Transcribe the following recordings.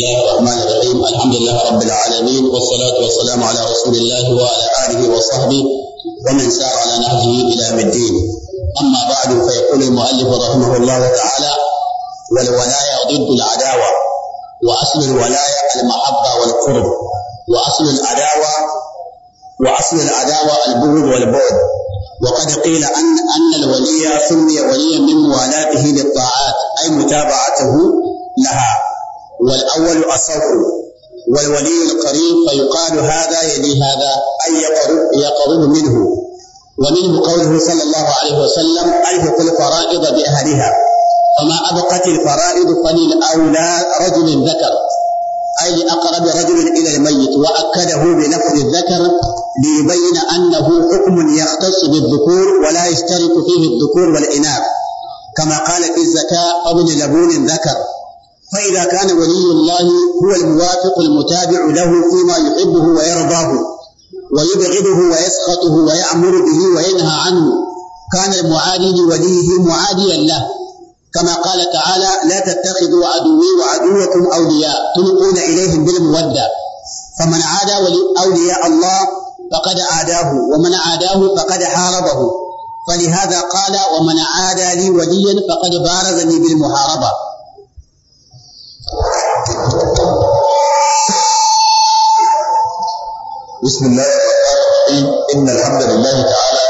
الله الرحمن الرحيم الحمد لله رب العالمين والصلاة والسلام على رسول الله وعلى آله وصحبه ومن سار على نهجه إلى يوم الدين أما بعد فيقول المؤلف رحمه الله تعالى والولاية ضد العداوة وأصل الولاية المحبة والقرب وأصل العداوة وأصل العداوة البغض والبعد وقد قيل أن أن الولي سمي وليا من موالاته للطاعات أي متابعته لها والأول أصح والولي القريب فيقال هذا يلي هذا أي يقرب, يقرب منه ومنه قوله صلى الله عليه وسلم ألحق الفرائض بأهلها فما أبقت الفرائض فللأولى رجل ذكر أي اقرب رجل إلى الميت وأكده بلفظ الذكر ليبين أنه حكم يختص بالذكور ولا يشترك فيه الذكور والإناث كما قال في الزكاة قبل لبون ذكر فإذا كان ولي الله هو الموافق المتابع له فيما يحبه ويرضاه ويبغضه ويسخطه ويأمر به وينهى عنه كان المعادي لوليه معاديا له كما قال تعالى لا تتخذوا عدوي وعدوكم أولياء تلقون إليهم بالمودة فمن عادى أولياء الله فقد عاداه ومن عاداه فقد حاربه فلهذا قال ومن عادى لي وليا فقد بارزني بالمحاربة بسم الله الرحمن الرحيم إن الحمد لله تعالى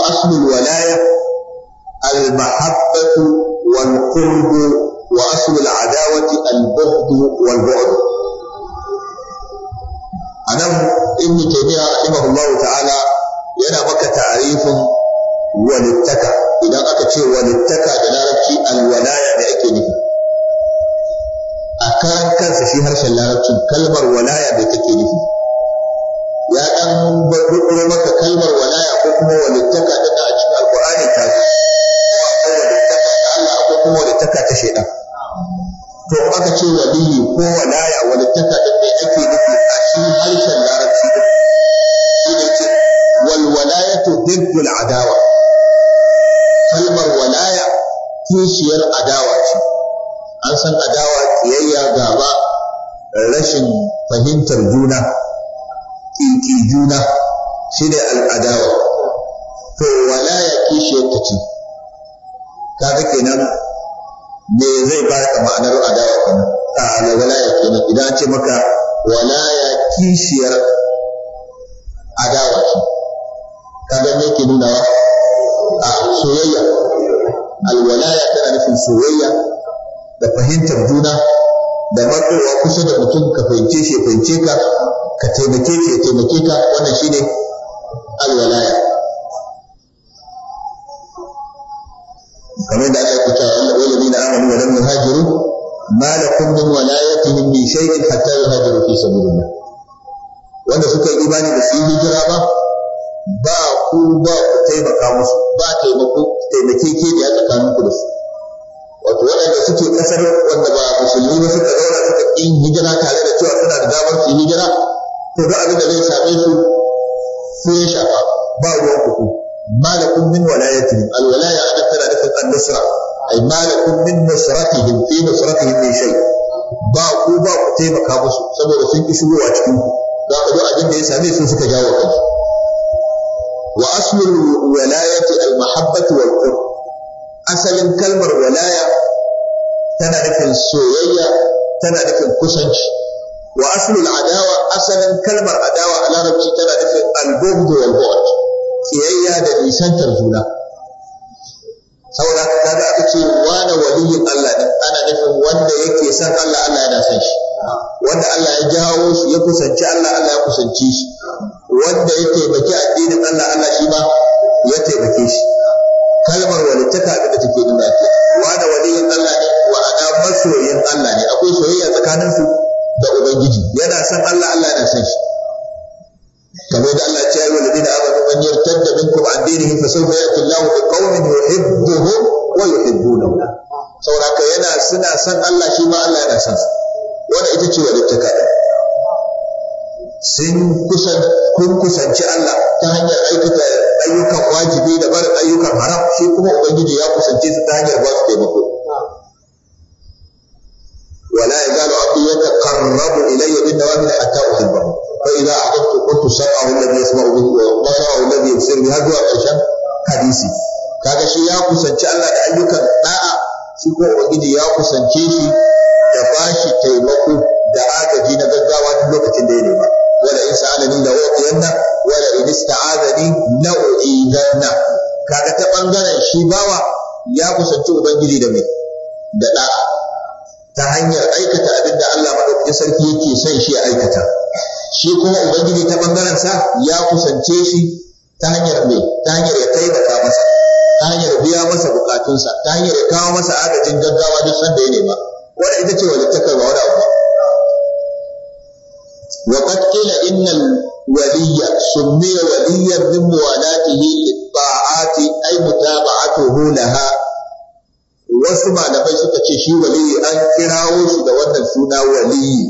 وأصل الولاية المحبة والقرب وأصل العداوة البغض والبعد أنا ابن تيمية رحمه الله تعالى yana maka tarifin walittaka idan aka ce walittaka da larabci alwalaya da ake nufi a karan kansa shi harshen larabcin kalmar walaya da take nufi ya dan barbaro maka kalmar walaya ko kuma taka din a cikin alqur'ani ta zo wani taka ta Allah ko kuma taka ta shaytan to aka ce waliyi ko walaya taka din ne ake nufi a cikin harshen larabci da shi ne ce wal walayatu diddul adawa kalmar walaya kishiyar adawa ce an san adawa kiyayya gaba rashin fahimtar juna ƙinƙin juna shi ne al'adawa to wala ya shi ta ce kaga kenan me zai ba ka ma'anar adawa kuma a ala wala ya kenan idan ce maka wala ya ya adawa ce kaga me ke nuna wa? a soyayya alwalaya tana nufin soyayya da fahimtar juna da matsowa kusa da mutum ka fahimce shi ya fahimce ka ka taimake shi ya taimake ka wannan ne alwalaya kamar da aka yi kuta Allah wal ladina amanu wa lam hajjiru ma walaya ta yi min shay'in hatta ke fi da. wanda suka yi imani da su hijira ba ba ku ba ku taimaka musu ba taimako taimake ke da ya tsakanin ku da su wato waɗanda suke ƙasar wanda ba musulmi ba suka zauna suka yi hijira tare da cewa suna da damar su yi hijira to duk abin da zai same su sai ya shafa ba ruwan kuku malakun min walayatihim alwalaya ana tana nufin an-nusra ay malakun min nusratihim fi nusratihim min shay ba ku ba ku taimaka musu saboda sun ki shigowa cikin ku za ka duk abin da ya same su suka jawo kansu wa aslul walayati al-mahabbatu wal qurb asalin kalmar walaya tana nufin soyayya tana nufin kusanci wa aslul adawa asalin kalmar adawa a larabci tana nufin albogdo bughd wal bu'd kiyayya da nisantar juna saboda haka kaga aka ce wani waliyin Allah ne ana nufin wanda yake san Allah Allah yana san shi wanda Allah ya jawo shi ya kusanci Allah Allah ya kusanci shi wanda ya taimaki addinin Allah Allah shi ma ya taimake shi kalmar wani ta walittaka da take nuna ke wani waliyin Allah ne wa ana masoyin Allah ne akwai soyayya tsakaninsu da ubangiji yana san Allah Allah yana san shi kamar da Allah ya ce da ladina amanu man yartadda minkum an dinihi fa sawfa ya'ti Allahu bi qaumin yuhibbuhum wa yuhibbunahu saboda yana suna san Allah shi ma Allah yana san wannan ita ce walittaka ɗaya sun kusan kun kusanci Allah ta hanyar aikata ayyukan wajibi da barin ayyukan haram shi kuma ubangiji ya kusance su ta hanyar ba su taimako ولا يزال عبدي يتقرب الي بالنوافل حتى احبه فاذا احببت كنت سمعه الذي يسمع به وبصره الذي يبصر به هذا قرشان حديثي kaga shi ya kusanci Allah da ayyukan ɗa'a, shi ko ubangiji ya kusance shi da bashi taimako da agaji na gaggawa lokacin da ya nema wala in sa'alani la uqiyanna wala in ista'adani la u'idanna kaga ta ɓangaren shi bawa ya kusanci ubangiji da da da'a ta hanyar aikata abin da Allah maɗaukakin sarki yake son shi ya aikata shi kuma ubangiji ta bangaren sa ya kusance shi ta hanyar me ta hanyar ya taimaka masa ta hanyar biya masa bukatunsa ta hanyar ya kawo masa agajin gaggawa duk sanda ya nema wanda ita ce walittakar ba wani abu وقد قيل إن الولي سمي وليا من مولاته للطاعات أي متابعته لها wasu malamai suka ce shi waliyi an kirawo shi da wannan suna waliyi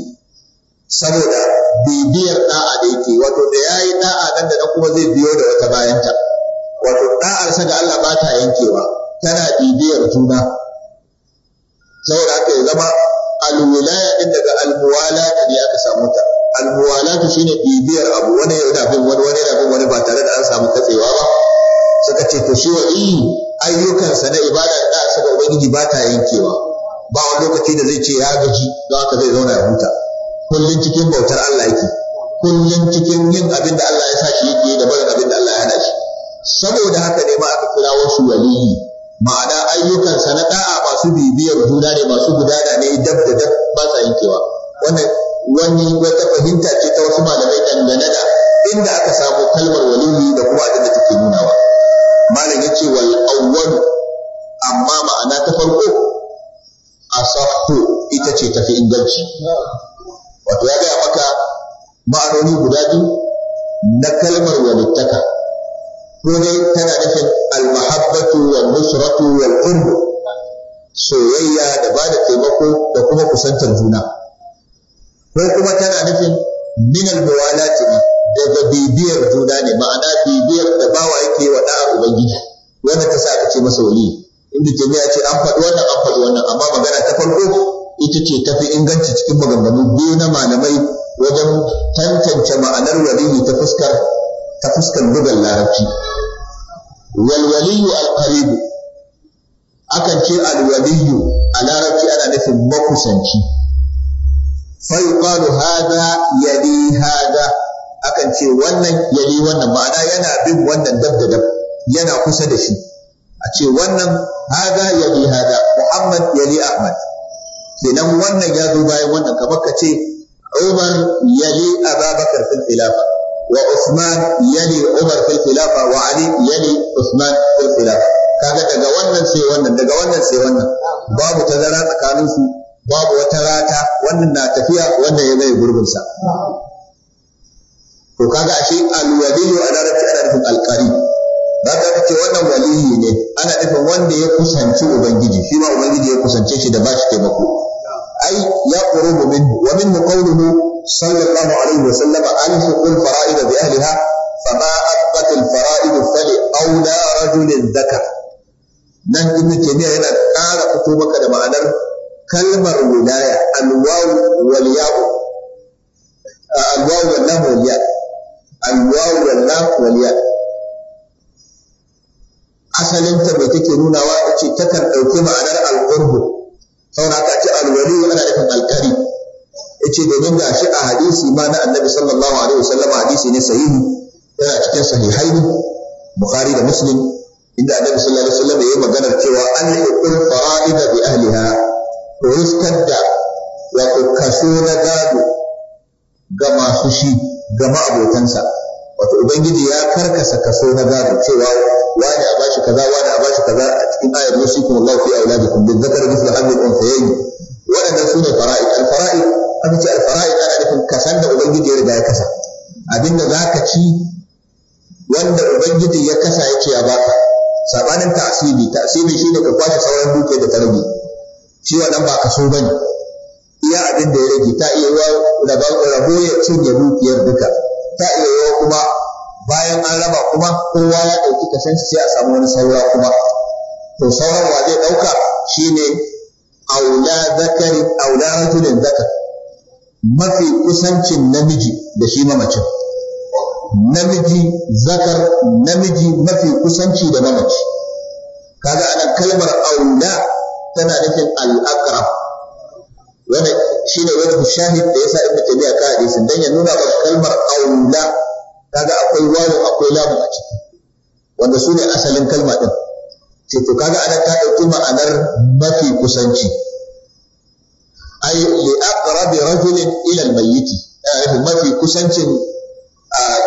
saboda bibiyar da'a da yake wato da ya yi da'a nan da kuma zai biyo da wata bayanta wato sa da Allah ba ta yankewa tana bibiyar juna saboda haka ya zama alwilaya din daga almuwala ne aka samu ta almuwalatu shine bibiyar abu wani yana bin wani wani yana bin wani ba tare da an samu katsewa ba suka ce to shi wa ayyukansa na ibada da saboda ga ubangiji ba ta yankewa ba wani lokaci da zai ce ya gaji don haka zai zauna ya huta kullum cikin bautar Allah yake kullum cikin yin abin da Allah ya sa shi yake da barin abin da Allah ya hana saboda haka ne ma aka kira wasu waliyi ma'ana ayyukansa na da'a masu bibiyar juna ne masu gudana ne dab da dab ba sa yankewa wannan wani wata fahimta ce ta wasu malamai dangane da inda aka samu kalmar waliyi da kuma abin da take nunawa malam yace wal amma ma'ana ta farko a asahhu ita ce tafi inganci wato ya gaya maka ma'anoni guda biyu na kalmar walittaka ko dai tana nufin almahabbatu wa nusratu wa soyayya da ba da taimako da kuma kusantar juna ko kuma tana nufin min almuwalati ne daga bibiyar juna ne ma'ana bibiyar da bawa yake wa da'a ubangiji wanda ta sa ka ce masa wali inda jami'a ce an faɗi wannan an faɗi wannan amma magana ta farko ita ce ta fi inganci cikin maganganu biyu na malamai wajen tantance ma'anar waliyu ta fuskar ta fuskar bugan larabci wal waliyu al qaribu akan ce al waliyu a larabci ana nufin makusanci fa yuqalu hada yali hada akan ce wannan yali wannan ma'ana yana bin wannan dab da dab yana kusa da shi a ce wannan haza ya yi haza Muhammad ya li Ahmad kenan wannan ya zo bayan wannan kamar ka ce Umar ya li Ababakar fil khilafa wa Usman ya li Umar fil khilafa wa Ali ya li Usman fil khilafa kaga daga wannan sai wannan daga wannan sai wannan babu tazara tsakanin su babu wata rata wannan na tafiya wannan ya zai gurbin sa to kaga ashe al-waliyu adaratu larabci ana al-qarib da ka ce wannan walihi ne ana nufin wanda ya kusanci ubangiji shi ma ubangiji ya kusance shi da ba shi taimako ai ya qurbu min wa min qawluhu sallallahu alaihi wa sallam alfu qul fara'id bi ahliha fama asbat al fara'id fali awla rajul dhakar nan ibnu taymiya yana kara fito maka da ma'anar kalmar wilaya alwaw wal ya'u alwaw wal lam wal ya' alwaw wal lam wal ya' asalinta mai take nunawa a ce takan ɗauki ma'anar al'urbu saboda haka ce alwali ana nufin alkari ya ce domin ga shi a hadisi ma na annabi sallallahu alaihi wasallam hadisi ne sahihi yana cikin sahihaini bukhari da muslim inda annabi sallallahu alaihi wasallam ya yi maganar cewa an yuqul bi ahliha to riskar da wato kaso na gado ga masu shi ga ma'abotansa wato ubangiji ya karkasa kaso na gado cewa wani a bashi kaza wani a bashi kaza a cikin ayar yusikum Allahu fi auladikum bil zakari mithlu hadhihi al unsayayn waɗannan su ne fara'id al fara'id aka ce al fara'id ana nufin kasan da ubangiji ya riga ya kasa abinda zaka ci wanda ubangiji ya kasa ya ce ya baka sabanin ta'asibi shi ne ka kwashe sauran duke da tarbi shi wannan ba kaso bane iya abinda ya rage ta iya rabo ya cinye dukiyar duka ta iya kuma bayan an raba kuma kowa ya ɗauki kashin sai a samu wani saura kuma to sauran wa zai ɗauka shine aula zakari aula rajulin zakar mafi kusancin namiji da shi mamacin namiji zakar namiji mafi kusanci da mamaci kaga anan kalmar aula tana nufin al-aqrab wannan ne wani shahid da ya yasa ibnu taymiya ka hadisin dan ya nuna ba kalmar aula kaga akwai wawu akwai lamu a ciki wanda su ne asalin kalma din ce to kaga ana ta dauki ma'anar mafi kusanci ai li aqrabi rajulin ila al-mayyiti mafi kusancin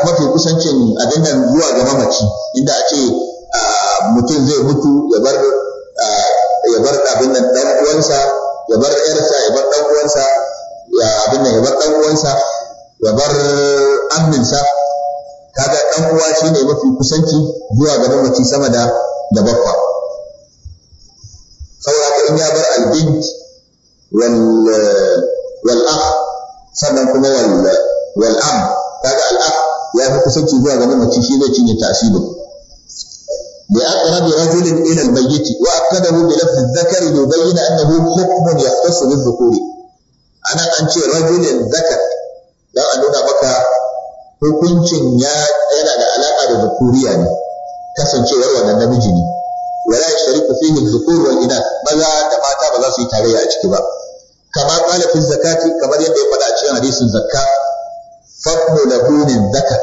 mafi kusancin abin nan zuwa ga mamaci inda a ce mutum zai mutu ya bar ya bar abin nan dan uwansa ya bar ƴarsa ya bar ɗan'uwansa, ya abin da ya bar ɗan'uwansa, ya bar amminsa kaga ɗan'uwa shi ne mafi kusanci zuwa ga mamaci sama da da bakwa saboda haka in ya bar albint wal sannan kuma wal am kaga al ya fi kusanci zuwa ga mamaci shi zai cinye tasirin. لأقرب رجل إلى الميت وأكده بلفظ الذكر ليبين أنه حكم يختص بالذكور أنا أنت zakar, ذكر لا أنونا مكا hukuncin ya yana da alaƙa da zukuriya ne kasancewar wannan namiji ne wala yashriku fihi dhukur wal inath maza da mata ba za su yi tarayya a ciki ba kama qala zakati kamar yadda ya faɗa a cikin hadisin zakka fadlu lahunin zakar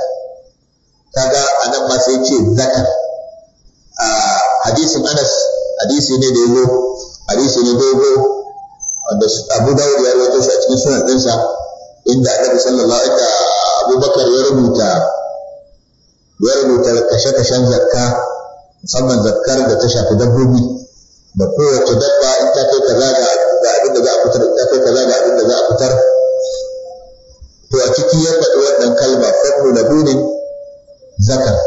kaga anan ma sai ce zakar A hadisin anas hadisi ne da ya zo hadisi ne dogo wanda abu dawud ya rawaito shi a cikin sunan ɗinsa inda annabi sallallahu alaihi abubakar ya rubuta ya rubuta kashe-kashen zakka musamman zakkar da ta shafi dabbobi da kowace dabba in ta kai kaza ga abin da za a fitar ta kai kaza ga abin da za a fitar to a ciki ya faɗi wannan kalma fadlu labunin zakar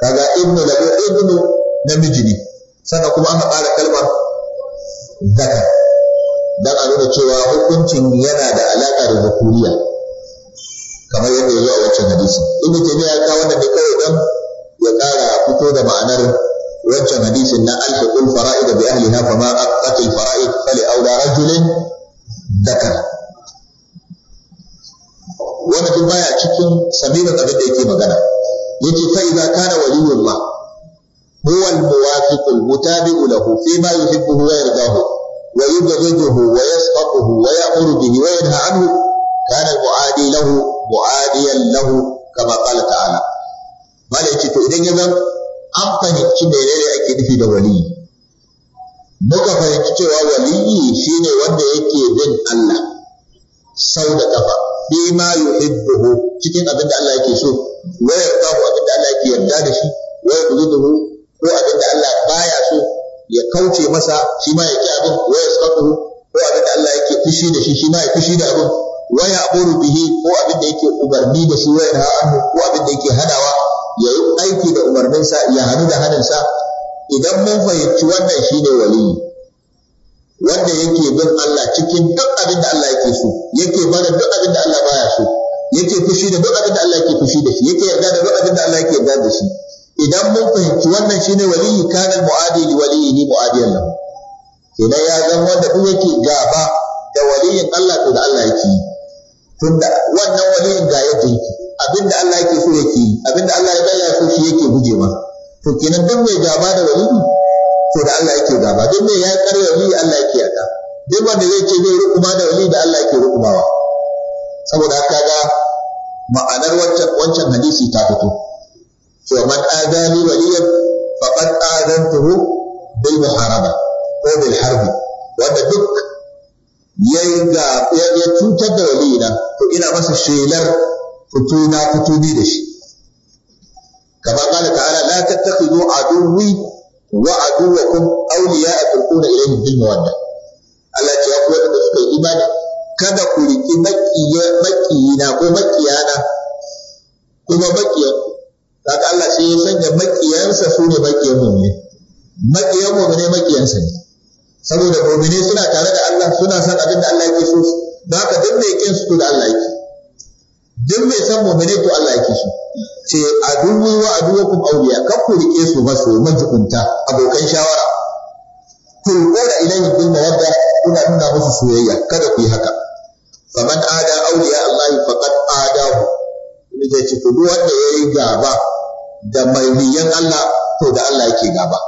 kaga ibnu labu ibnu namiji ne sannan kuma aka ƙara kalmar daga Don a nuna cewa hukuncin yana da alaƙa da zakuriya kamar yadda ya zo a wancan hadisi ibnu taymiya ya kawo da ne kawai dan ya ƙara fito da ma'anar wancan hadisin na alhaqul fara'id bi ahliha a aqatil fara'id fali aula rajulin zakar wannan duk baya cikin sabirin abin da yake magana yace fa idza kana waliyullah هو الموافق المتابع له فيما يحبه ويرضاه ويبغضه ويسقطه ويأمر به وينهى عنه كان المعادي له معاديا له كما قال تعالى malai to idan ya an fahimci menene ake nufi da waliyi muka fahimci cewa waliyi shine wanda yake bin Allah sau da kafa bi ma yuhibbuhu cikin abin Allah yake so wa yarda abin da Allah yake da shi wa yuzuduhu ko abin da Allah baya so ya kauce masa shi ma ya ki abin wa yasqatu ko abin da Allah yake fushi da shi shi ma ya fushi da abin wa aburu bihi ko abin da yake umarni da shi wa yanha anhu ko abin da yake hadawa ya yi aiki da umarninsa ya hannu da sa idan mun fahimci wannan shi ne waliyi wanda yake bin Allah cikin duk abin da Allah yake so yake bada duk abin da Allah baya so yake fushi da duk abin da Allah yake fushi da shi yake yarda da duk abin da Allah yake yarda da shi idan mun fahimci wannan shine waliyi kana mu'adi li ni mu'adiyan Sai kenan ya zan wanda duk yake gaba da waliyin Allah to da Allah yake yi tunda wannan waliyin ga yake yi abinda Allah yake so yake yi abinda Allah ya bayyana so shi yake guje to kenan duk mai gaba da waliyi to da Allah yake gaba duk mai ya karya waliyi Allah yake yaka duk wanda zai ce zai rukuma da waliyi da Allah yake rukumawa saboda haka ga ma'anar wancan hadisi ta fito ومن آذاني وليا فقد آذنته بالمحاربة وبالحرب وأن دك يجا يتوت يعني دولينا إلى بس الشيلر فتونا فتوني دش كما قال تعالى لا تتخذوا عدوي وعدوكم أولياء تلقون إليهم بالمودة التي يقول بسك الإيمان كذا قلت مكينا ومكيانا كما مكيانا kaga Allah sai ya sanya makiyansa su ne makiyan mu'mini makiyan mu'mini makiyansa ne saboda mu'mini suna tare da Allah suna san abin da Allah yake so da haka duk mai kin su da Allah yake duk mai san mu'mini to Allah yake so ce dubu wa aduwakum auliya kan ku rike su ba su majukunta abokan shawara tulqu da ya bil mawadda kuna nuna musu soyayya kada ku yi haka faman ada auliya Allah faqad adahu zai ci kudu wanda ya gaba da mai niyan Allah to da Allah yake gaba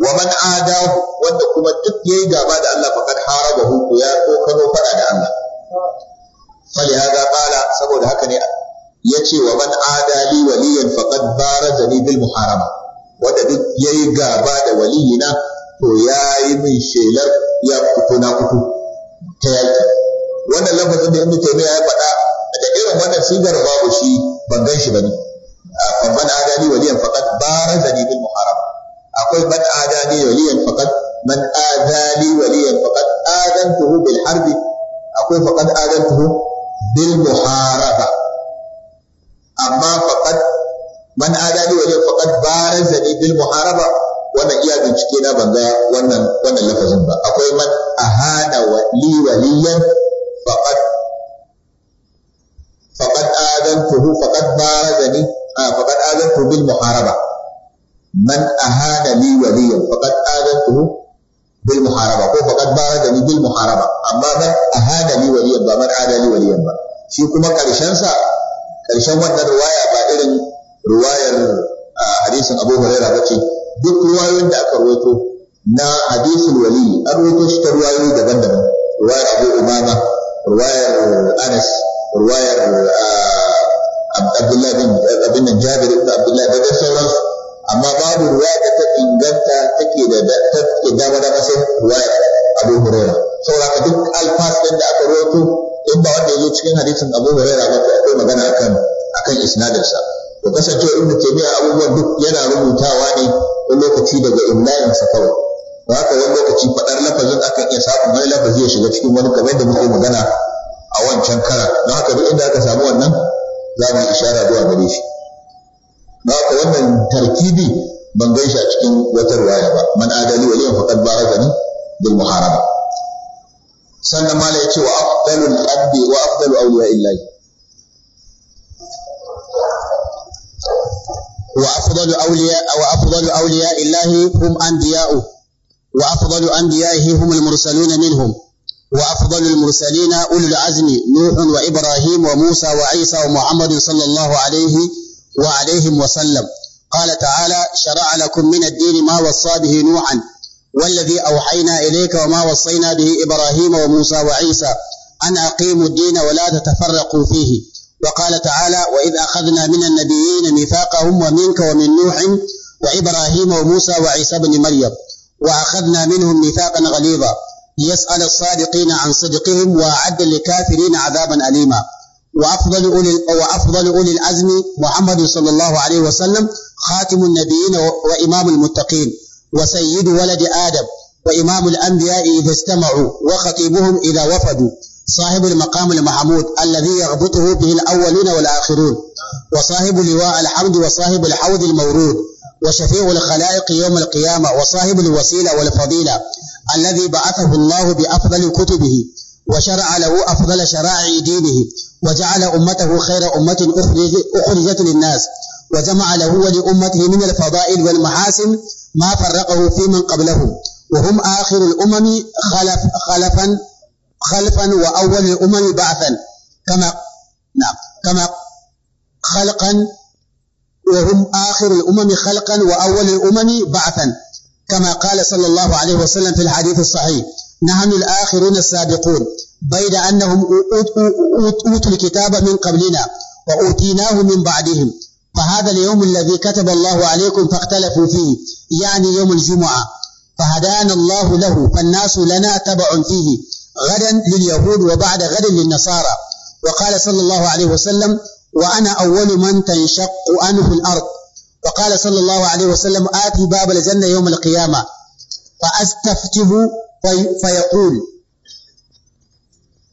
wa man adahu wanda kuma duk yayi gaba da Allah kad haraba ko ya kokano fada da Allah fali hada qala saboda haka ne yace wa man adali waliyan faqad barazani bil muharaba wanda duk ya gaba da waliyina to ya min shelar ya kutuna na ta yaki wannan lafazin da Ibn Taymiyyah ya faɗa da irin wannan sigar babu shi ban gan shi bane ban ban adani waliyan faqat barazani bil muharaba akwai ban adani waliyan faqat man adani waliyan faqat adantuhu bil harb akwai faqat adantuhu bil muharaba amma faqat man adani waliyan faqat barazani bil muharaba wannan iya bincike na ban ga wannan wannan lafazin ba akwai man ahana wali waliyan faqat azantuhu فقد بارزني فقد azantuhu بالمحاربة من أهان لي وليا فقد بالمحاربة bil muharaba ko faqad bil muharaba amma man ahana li waliyan ba man ahana li waliyan ba shi kuma karshen sa karshen wannan riwaya ba irin ba ce duk ruwayoyin da aka rawaito na hadisul wali an rawaito shi ta ruwayoyi daban-daban ruwayar Abu Umama ruwayar Anas ruwayar. Abdullahi bin abin nan Jabir ibn Abdullahi da dai sauransu amma babu ruwa da ta inganta take da ta take dama da masa ruwa Abu Hurairah saboda duk alfas din da aka rawaito in ba wanda yazo cikin hadisin Abu Hurairah ba to akwai magana akan akan isnadin sa to kasance ibn Taymiyyah abubuwan duk yana rubutawa ne wani lokaci daga imlayin sa kawai ba haka wani lokaci faɗar lafazin akan iya samun wani lafazi ya shiga cikin wani kamar da muke magana a wancan kara don haka duk inda aka samu wannan za mu ishara zuwa gare shi ba ka wannan tarkibi ban gaishe a cikin wata ruwaya ba man adali wa liyan faqad barazani bil muharaba sannan mala yace wa afdalul abdi wa afdalu awliya illahi wa afdalu awliya wa afdalu awliya illahi hum anbiya'u wa afdalu anbiya'ihi humul mursaluna minhum وأفضل المرسلين أولي العزم نوح وإبراهيم وموسى وعيسى ومحمد صلى الله عليه وعليهم وسلم قال تعالى شرع لكم من الدين ما وصى به نوحا والذي أوحينا إليك وما وصينا به إبراهيم وموسى وعيسى أن أقيموا الدين ولا تتفرقوا فيه وقال تعالى وإذ أخذنا من النبيين ميثاقهم ومنك ومن نوح وإبراهيم وموسى وعيسى بن مريم وأخذنا منهم ميثاقا غليظا ليسأل الصادقين عن صدقهم وأعد للكافرين عذابا أليما وأفضل أولي وأفضل أولي العزم محمد صلى الله عليه وسلم خاتم النبيين وإمام المتقين وسيد ولد آدم وإمام الأنبياء إذا استمعوا وخطيبهم إذا وفدوا صاحب المقام المحمود الذي يغبطه به الأولون والآخرون وصاحب لواء الحمد وصاحب الحوض المورود وشفيع الخلائق يوم القيامة وصاحب الوسيلة والفضيلة الذي بعثه الله بأفضل كتبه وشرع له أفضل شرائع دينه وجعل أمته خير أمة أخرجت للناس وجمع له ولأمته من الفضائل والمحاسن ما فرقه في من قبله وهم آخر الأمم خلف خلفا خلفا وأول الأمم بعثا كما نعم كما خلقا وهم آخر الأمم خلقا وأول الأمم بعثا كما قال صلى الله عليه وسلم في الحديث الصحيح نحن الآخرون السابقون بيد أنهم أوتوا الكتاب من قبلنا وأوتيناه من بعدهم فهذا اليوم الذي كتب الله عليكم فاختلفوا فيه يعني يوم الجمعة فهدانا الله له فالناس لنا تبع فيه غدا لليهود وبعد غد للنصارى وقال صلى الله عليه وسلم وأنا أول من تنشق عنه الأرض وقال صلى الله عليه وسلم آتي باب الجنة يوم القيامة فأستفتح في فيقول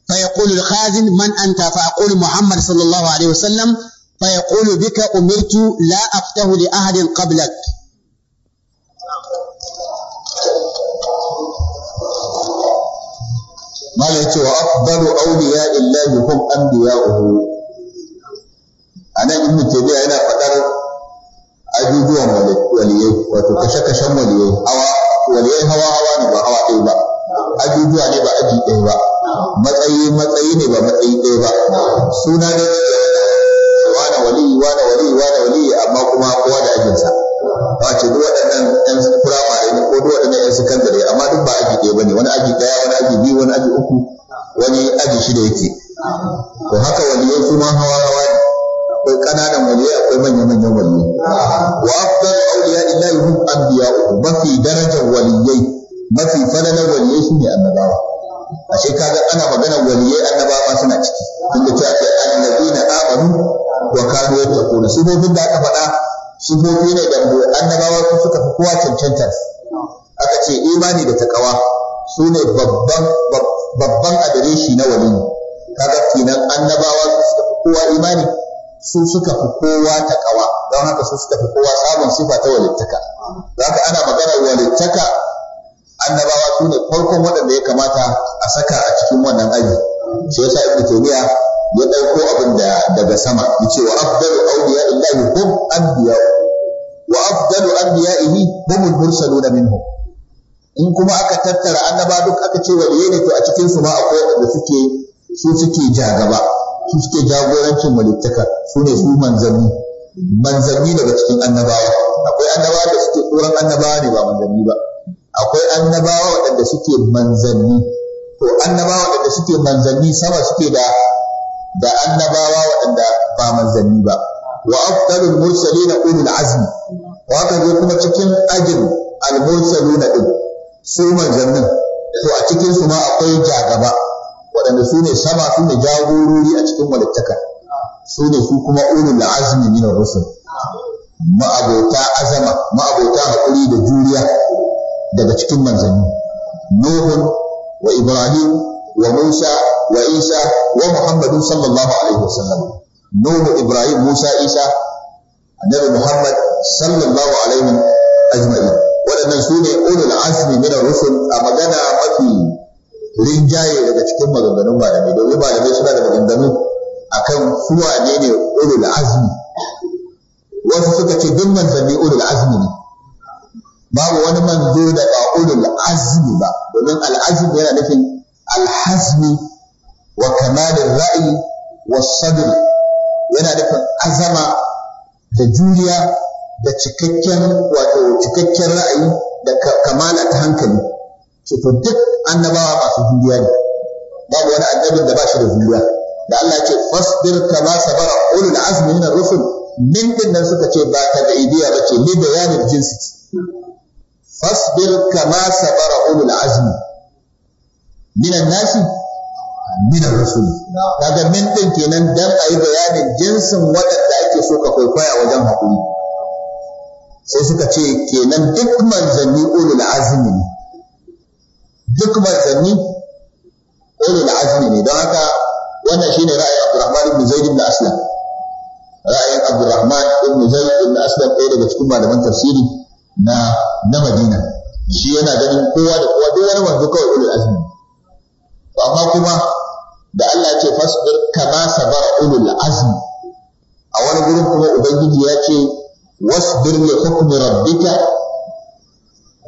فيقول الخازن من أنت فأقول محمد صلى الله عليه وسلم فيقول بك أمرت لا أفته لأحد قبلك ما yace wa أولياء الله هم أنبياؤه أنا anan ibnu abubuwan waliyai wato kashe-kashen waliyai hawa waliyai hawa hawa ne ba hawa ɗaya ba abubuwa ne ba aji ɗaya ba matsayi matsayi ne ba matsayi ɗaya ba suna ne wane wali wane wali wane waliyi amma kuma kowa da ajinsa a ce duk waɗannan ɗan firamare ne ko duk waɗannan ɗan sakandare amma duk ba aji ɗaya ba ne wani aji ɗaya wani aji biyu wani aji uku wani aji shida yake to haka waliyai su ma hawa hawa ne akwai ƙananan waliyai akwai manya-manyan waliyai wa afdal awliya illahi hum anbiya mafi darajar waliyai mafi fadalar waliyai shine annabawa ashe kaga ana magana waliyai annabawa suna ciki inda ta ce annabina amanu wa kanu yattaquna sifofin da aka faɗa sifofi ne da annabawa su suka fi kowa cancanta aka ce imani da takawa su ne babban babban adireshi na waliyi kaga kenan annabawa su suka fi kowa imani su suka fi kowa ta kawa don haka su suka fi kowa sabon sifa ta walittaka haka ana magana walittaka annabawa su ne farkon waɗanda ya kamata a saka a cikin wannan aji shi yasa ibnu taymiya ya ɗauko abin da daga sama Ya ce wa afdalu awliya illahi hum anbiya wa afdalu anbiya'ihi hum mursalun minhum in kuma aka tattara annaba duk aka ce waliyene ne to a cikin su ba akwai da suke su suke jagaba su suke jagorancin malittaka su ne su manzanni manzanni daga cikin annabawa akwai annabawa da suke tsoron annabawa ne ba manzanni ba akwai annabawa waɗanda suke manzanni to annabawa waɗanda suke manzanni sama suke da da annabawa waɗanda ba manzanni ba wa afdalul mursalina ulul azmi wa ka zo kuma cikin ajin al mursaluna din su manzannin to a cikin su ma akwai jagaba waɗanda su ne sama su ne jagorori a cikin walittaka su ne su kuma ulul la'azmi min rusul ma'abota azama ma'abota haƙuri da juriya daga cikin manzanni nuhun wa ibrahim wa musa wa isa wa Muhammadu sallallahu alaihi wasallam nuhu ibrahim musa isa annabi muhammad sallallahu alaihi ajma'in waɗannan su ne ulul azmi min rusul a magana mafi rinjaye daga cikin maganganun malamai domin malamai suna da maganganu akan suwa ne ne ulul azmi wasu suka ce duk manzanni ulul azmi ne babu wani manzo da ba ulul azmi ba domin al'azmi yana nufin alhazmi wa kamalin ra'ayi wa sabri yana nufin azama da juriya da cikakken wato cikakken ra'ayi da kamala ta hankali ce duk annabawa masu juriya ne babu wani annabin da ba shi da juriya da Allah ce fasbir kama sabara ulul azmi min ar-rusul min din suka ce ba ta da idiya ba ce ni da yanar jinsi fasbir kama sabara ulul azmi min an-nasi min ar-rusul daga min din kenan dan ayi bayanin jinsin waɗanda ake so ka kwaikwaya wajen hakuri sai suka ce kenan duk manzanni ulul azmi ne duk manzanni ulul azmi ne don haka wannan shine ra'ayin Abdurrahman ibn Zaid ibn Aslam ra'ayin Abdurrahman ibn Zaid ibn Aslam ɗaya daga cikin malaman tafsiri na na Madina shi yana ganin kowa da kowa duk wani manzo kawai ulul azmi to amma kuma da Allah ce fasbir kama sabara ulul azmi a wani gurin kuma ubangiji ya ce wasbir li hukmi rabbika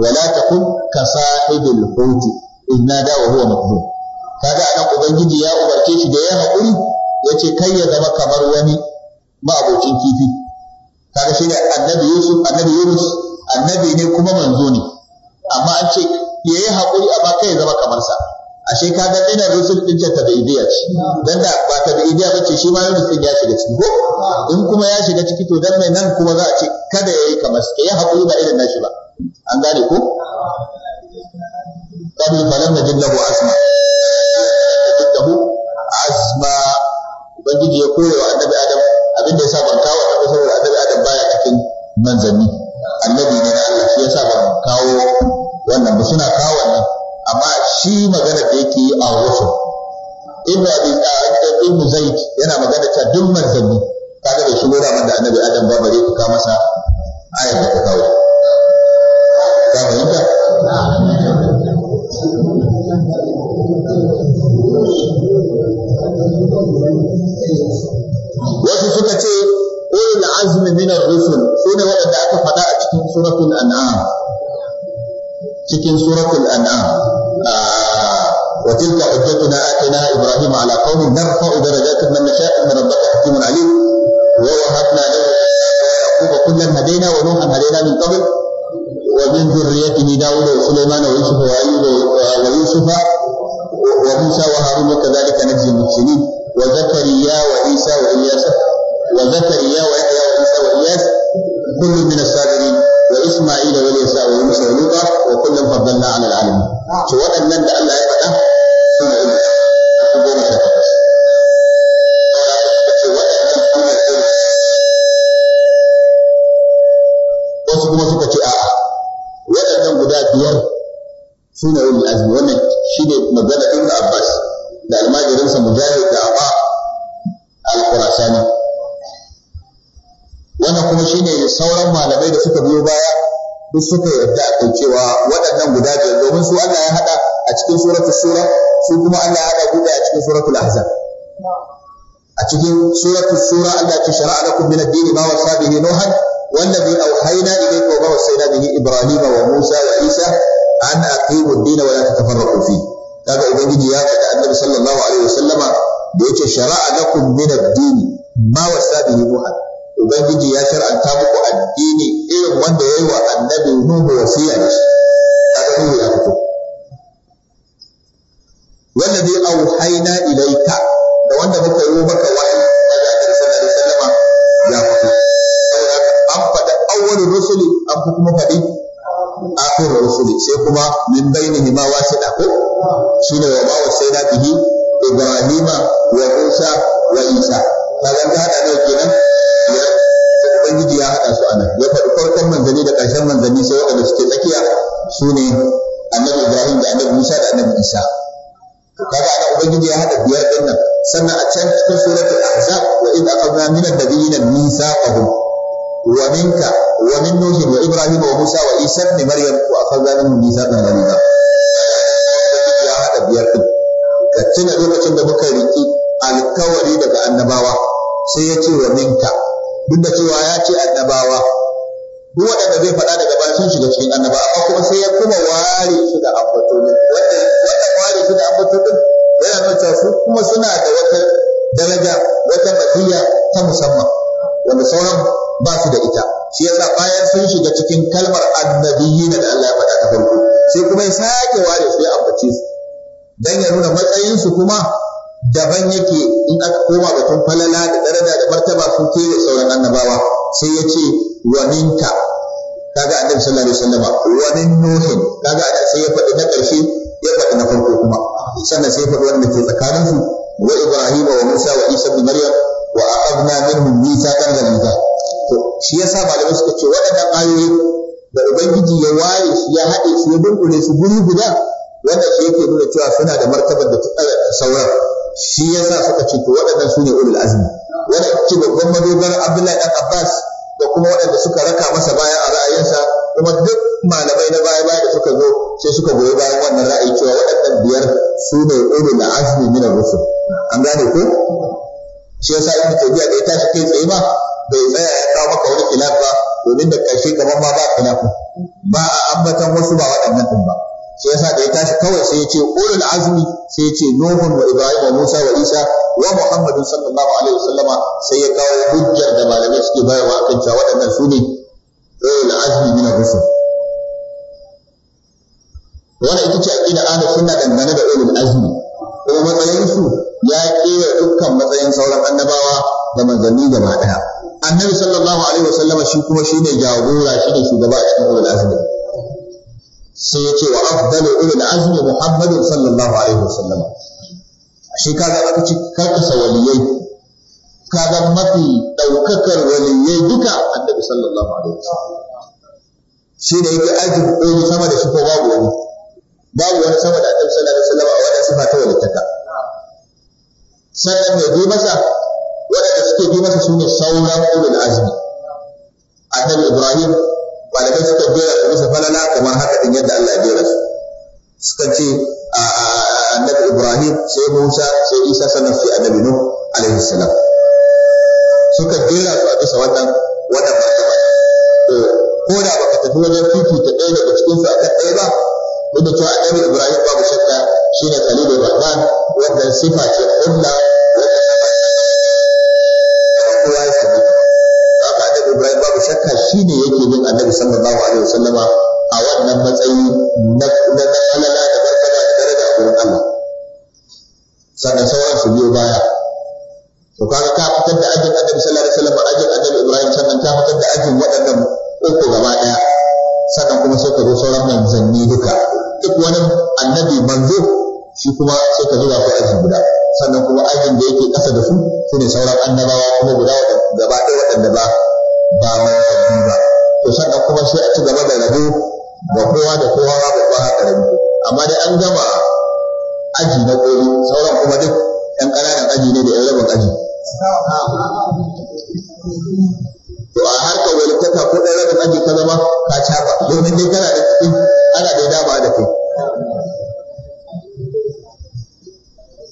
wala تكن كصاحب الحوت huti نادى وهو مكذوب kaga anan ubangiji ya umarce shi da ya haƙuri yace kai ya zama kamar wani ma'abocin kifi kaga shi ne annabi yusuf annabi yunus annabi ne kuma manzo ne amma an ce ya yi haƙuri amma kai ya zama kamar sa ashe kaga ina yusuf din ta tabidiya ce dan da ba da ba ce shi ma yunus din ya shiga ciki ko in kuma ya shiga ciki to dan mai nan kuma za a ce kada yayi kamar sa ya haƙuri ba irin nashi ba an gane ko قبل falam نجد له asma نجد Asma. أزمة ubangiji ya koya wa annabi adam abin da yasa ban kawo annabi saboda annabi adam baya cikin manzanni annabi ne na Allah shi yasa ban kawo wannan ba suna kawo wannan amma shi magana da yake yi a wasu ibnu abi ibnu zaid yana magana ta duk manzanni kaga bai shigo da annabi adam ba bare ka masa ayyuka da ka kawo فهمت؟ wasu suka ce ulul azmi min ar-rusul sune waɗanda aka faɗa a cikin suratul an'am cikin suratul an'am wa tilka hujjatuna atina ibrahima ala qaumin narfa'u darajatin man nasha'u min rabbika hakimun alim wa wahabna lahu yaquba kullan hadaina wa nuhan hadaina min qabl ومن ذريته داود وسليمان ويوسف وأيوب ويوسف وموسى وهارون وكذلك نجزي المحسنين وزكريا وعيسى وإياس وزكريا ويحيى وعيسى وإياس كل من الصابرين وإسماعيل واليسع ويونس ولوطا وكلا فضلنا على العالمين. شو وأنا الله يفتح سنة goma sha Suna ne ulul azmi wannan shi ne magana ibn abbas da almajirinsa mujahid da abba al wannan kuma shi ne sauran malamai da suka biyo baya duk suka yarda a kan cewa waɗannan guda biyar domin su Allah ya haɗa a cikin suratul sura su kuma Allah ya haɗa guda a cikin suratul ahzab a cikin suratul sura Allah ya ce shara'a lakum min ad-din ma wasa bihi nuhan والذي أوحينا إليك وما وصينا به إبراهيم وموسى وعيسى an aqimu ad-din wa la tatafarraqu fi kaga ubangiji ya ga annabi sallallahu alaihi wasallama da yake shara'a lakum min ad-din ma wasabi bihi nuha ubangiji ya shar'anta muku addini irin wanda yayi wa annabi nuhu wasiya da shi kaga nuhu ya fito wallazi auhayna ilayka da wanda muka yi maka wahayi kaga annabi sallallahu alaihi wasallama ya fito saboda an faɗa awwalur rusuli an kuma faɗi akhir rusuli sai kuma min bainihi ma wasida ko shine wa ba wasaina bihi ibrahim wa isa wa isa kaga ta da ne kenan ya ubangiji ya hada su anan ya faɗi farkon manzani da ƙarshen manzani sai wanda suke tsakiya su ne annabi ibrahim da annabi musa da annabi isa kaga ana ubangiji ya hada biyar din nan sannan a can cikin suratul ahzab wa id aqadna min an min mithaqahum wa minka da ومن نوح وإبراهيم وموسى وعيسى kan مريم وأخذنا منهم ميثاقا غليظا ya hada biyar ɗin ka tuna lokacin da muka riki alkawari daga annabawa sai ya ce wa minka duk da cewa ya ce annabawa duk waɗanda zai faɗa daga bayan shi da cikin annaba amma kuma sai ya kuma ware shi da ambato wanda ware shi da ambato yana nan cewa su kuma suna da wata daraja wata mafiya ta musamman wanda sauran ba su da ita shi yasa bayan sun shiga cikin kalmar annabiyina da Allah ya faɗa ta farko sai kuma ya sake ware su ya ambace su dan ya nuna matsayin su kuma daban yake in aka koma batun falala da daraja da martaba su ke da sauran annabawa sai ya ce wa minka kaga annabi sallallahu alaihi wasallama wa min nuhin kaga sai ya faɗi na ƙarshe ya faɗi na farko kuma sannan sai ya faɗi wanda ke tsakanin su wa ibrahima wa musa wa isa ibn maryam wa akhadna minhum mithaqan ghaliza to shi yasa malamai suka ce waɗannan ayoyi da ubangiji ya waye shi ya haɗe su ya dunkule su guri guda wanda shi yake nuna cewa suna da martabar da ta ta sauran shi yasa suka ce to waɗannan su ne ulul azmi wanda ce babban madogara Abdullahi dan Abbas da kuma waɗanda suka raka masa baya a ra'ayinsa kuma duk malamai na baya baya da suka zo sai suka goyi bayan wannan ra'ayi cewa waɗannan biyar su ne ulul azmi min rusul an gane ko shi yasa ibnu tabiya da ya tashi kai tsaye ba? bai tsaya ya kawo maka wani kilaf ba domin da ƙarshe kamar ma ba khilaf ba a ambatan wasu ba waɗannan din ba sai yasa da ya tashi kawai sai ya ce ulul azmi sai ya ce nuhun wa ibrahim wa musa wa isa wa muhammadin sallallahu alaihi wasallama sai ya kawo hujjar da malamai suke bayarwa akan cewa waɗannan su ne ulul azmi min ar-rusul wannan ita ce aqida ahlus sunna dangane da ulul azmi kuma matsayin su ya kera dukkan matsayin sauran annabawa da manzanni gaba ɗaya annabi sallallahu alaihi sallama shi kuma shi ne jagora shi ne shugaba a cikin ulul azmi sai ya ce wa afdalu ulul azmi muhammadun sallallahu alaihi sallama shi kaga aka ci karkasa waliyai kaga mafi daukakar waliyai duka annabi sallallahu alaihi wa sallama shi ne yake ajin ulul sama da shi ko babu wani babu wani sama da annabi sallallahu alaihi sallama a wannan sifa ta walittaka sannan mai bi masa waɗanda suke bi masa su ne sauran ulul azmi annabi ibrahim malamai suka jera su masa falala kamar haka din yadda Allah ya jera su suka ce annabi ibrahim sai musa sai isa sannan sai annabi nuh alaihi salam suka jera su a bisa wannan wannan martaba ko da baka tafi wajen ta ɗaya daga cikin su akan ɗaya ba duk da cewa annabi ibrahim babu shakka shine khalilur rahman wannan sifa ce kulla kowa ya same ta haka annabi Ibrahim babu shakka shine yake bin annabi sallallahu alaihi wasallama a wannan matsayi na na halala da barkada da daraja a gurin Allah sannan sauran su biyo baya to kaga ka fitar da ajin annabi sallallahu alaihi wasallam ajin annabi Ibrahim sannan ta fitar da ajin waɗannan uku gaba daya sannan kuma sai ka zo sauran manzanni duka duk wani annabi manzo shi kuma sai ka zo ga ajin guda sannan kuma ajin da yake kasa da su su ne sauran annabawa kuma guda gaba ɗaya waɗanda ba ba yi ba to sannan kuma sai a ci gaba da rabo da kowa da kowa ba haka rabu amma dai an gama aji na ƙoli sauran kuma duk ɗan ƙananan aji ne da 'yan aji to a harkar wani taka ko ɗan rabin aji ka zama ka caba domin dai kana da cikin ana da dama da kai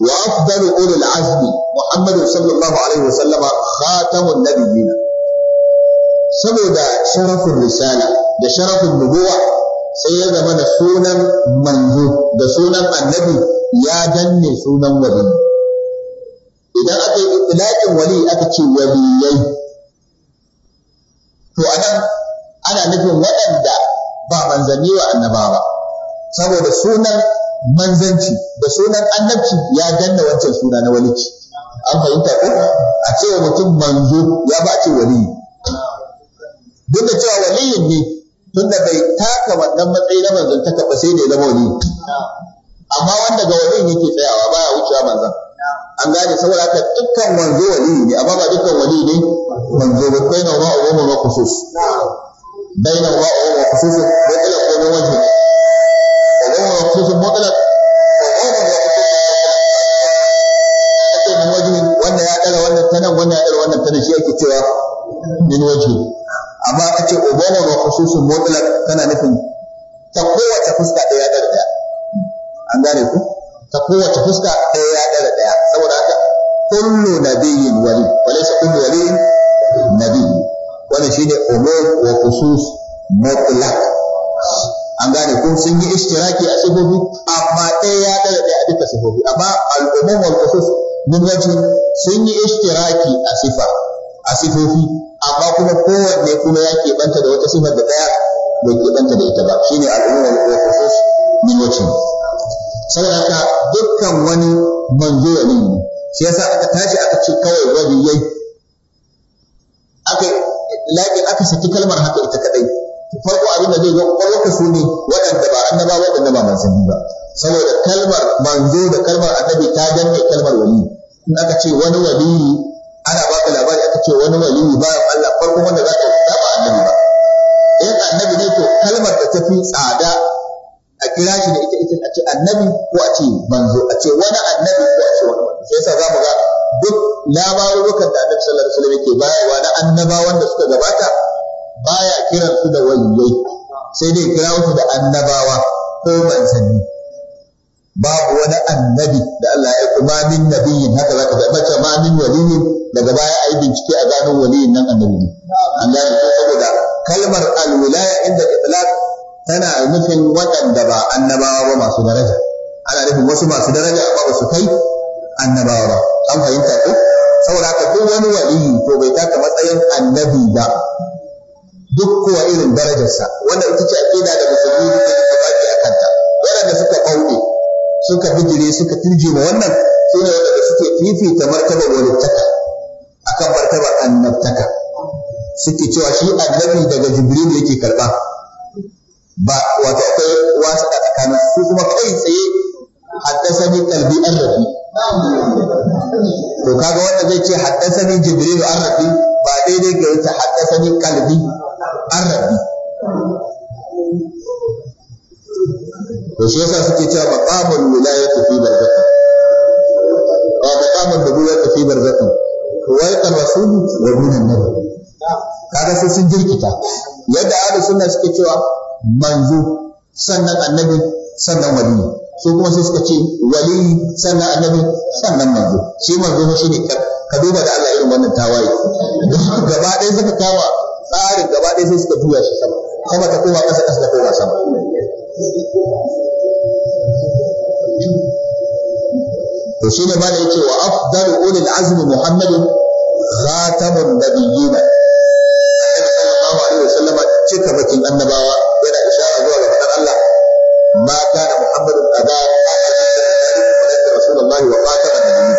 wa afdalu ulul azmi muhammadu sallallahu alaihi wa sallama khatamun nabiyina saboda sharafin risala da sharafin nubuwa sai ya zama da sunan manzo da sunan annabi ya danne sunan wali idan aka yi ilakin wali aka ce waliyai to anan ana nufin waɗanda ba manzanni wa annaba ba saboda sunan manzanci da sunan annabci ya danna wancan suna na walici an fahimta ko a cewa mutum manzo ya ba ce wali duk da cewa waliyin ne tunda bai taka wannan matsayi na ta taba sai da ya zama wali amma wanda ga waliyin yake tsayawa baya wucewa manzan an gane saboda haka dukkan manzo wali ne amma ba dukkan wali ne manzo ba kai na wa ma kusus bainal wa umma kusus da ila kuma wajhi وهو مخصوص مطلق وهذا هو مخصوص مطلق ake min wajhi wannan ya dara wannan tanan wannan ya dara wannan tanan shi ake cewa min wajhi amma kace ubama wa khususun mutlaq kana nufin ta kowace fuska ɗaya ya dara ɗaya an gane ku ta kowace fuska ɗaya ya dara ɗaya saboda haka kullu nabiyyin wali walaysa kullu waliyin nabiy wannan shine umur wa khusus mutlaq an gane kun sun yi ishtiraki a sifofi amma ɗaya ya ɗaya ɗaya a duka sifofi amma al'umman wal khusus mun wajhi sun yi ishtiraki a sifa a sifofi amma kuma kowanne kuma ya keɓanta da wata sifar da ɗaya bai keɓanta da ita ba shine al'umman wal khusus mun wajhi saboda haka dukkan wani manzo ya ne shi yasa aka tashi aka ce kawai wani yai. aka laƙin aka saki kalmar haka ita kadai farko abin da zai zo kwakwalwarka su ne waɗanda ba annaba waɗanda ba manzanni ba saboda kalmar manzo da kalmar annabi ta danne kalmar wali in aka ce wani wali ana ba baka labari aka ce wani wali waliyi bayan Allah farko wanda za ka saba annabi ba in annabi ne to kalmar da ta fi tsada a kira shi da ita ita a ce annabi ko a ce manzo a ce wani annabi ko a ce wani wani sai yasa mu ga duk labarurukan da annabi sallallahu alaihi wasallam yake bayarwa na annaba wanda suka gabata baya kiran su da waliyai sai dai kira su da annabawa ko manzanni babu wani annabi da Allah ya kuma min nabiyin haka zaka ga mace ma min waliyin daga baya ai bincike a gano waliyin nan annabi ne an gane ko saboda kalmar alwilaya inda itlaq tana nufin waɗanda ba annabawa ba masu daraja ana nufin wasu masu daraja amma ba su kai annabawa ba an fahimta ko saboda haka duk wani waliyi to bai taka matsayin annabi ba duk kuwa irin darajarsa wanda ita ce ake da musulmi ke da baki a kanta waɗanda suka bauɗe suka bijire suka turje ma wannan su ne waɗanda suke fifita martaba a akan martaba annabtaka suke cewa shi annabi daga jibrilu yake karɓa ba wato akwai wasu a tsakanin su kuma kai tsaye haddasani kalbi an rafi to kaga wanda zai ce haddasani jibrilu an rafi ba daidai ga yadda haddasani kalbi an rabu to shi yasa suke cewa maqamul ta fi barzakh wa maqamul ta fi barzakh wai kan rasul wa min annabi kaga sai sun jirkita yadda ahlus sunna suke cewa manzo sannan annabi sannan wali su kuma sai suka ce wali sannan annabi sannan manzo shi manzo shi ne ka duba da Allah irin wannan tawaye gaba ɗaya suka kawa tsarin gaba ɗaya sai suka juya shi sama sama ta koma ƙasa ƙasa ta koma sama to ne ba da yake wa afdalu ulil azmi muhammadin khatamun nabiyina annabi sallallahu alaihi wasallama cika bakin annabawa yana isharar zuwa ga fadar Allah ma kana muhammadun aba rasulullahi wa da nabiyina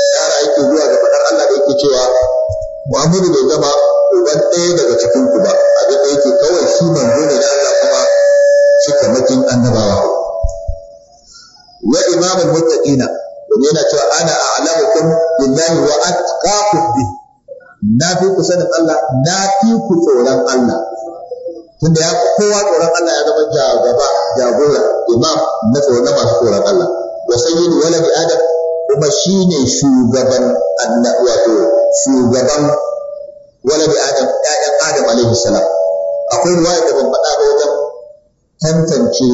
ishara yake zuwa ga faɗar Allah da yake cewa muhammadu bai gama uban ɗaya daga cikin ku ba abin da yake kawai shi manzo ne da Allah kuma makin annabawa wa imamul muttaqina domin yana cewa ana a'lamukum billahi wa atqakum bi na fi ku sanin Allah na fi ku tsoron Allah tunda ya kowa tsoron Allah ya zama jagaba jagora imam na tsoron masu tsoron Allah wa sayyidu walad adam kuma shine shugaban annabawa shugaban waladi adam ya'yan adam alaihi salam akwai ruwaya da ban faɗa ba wajen tantance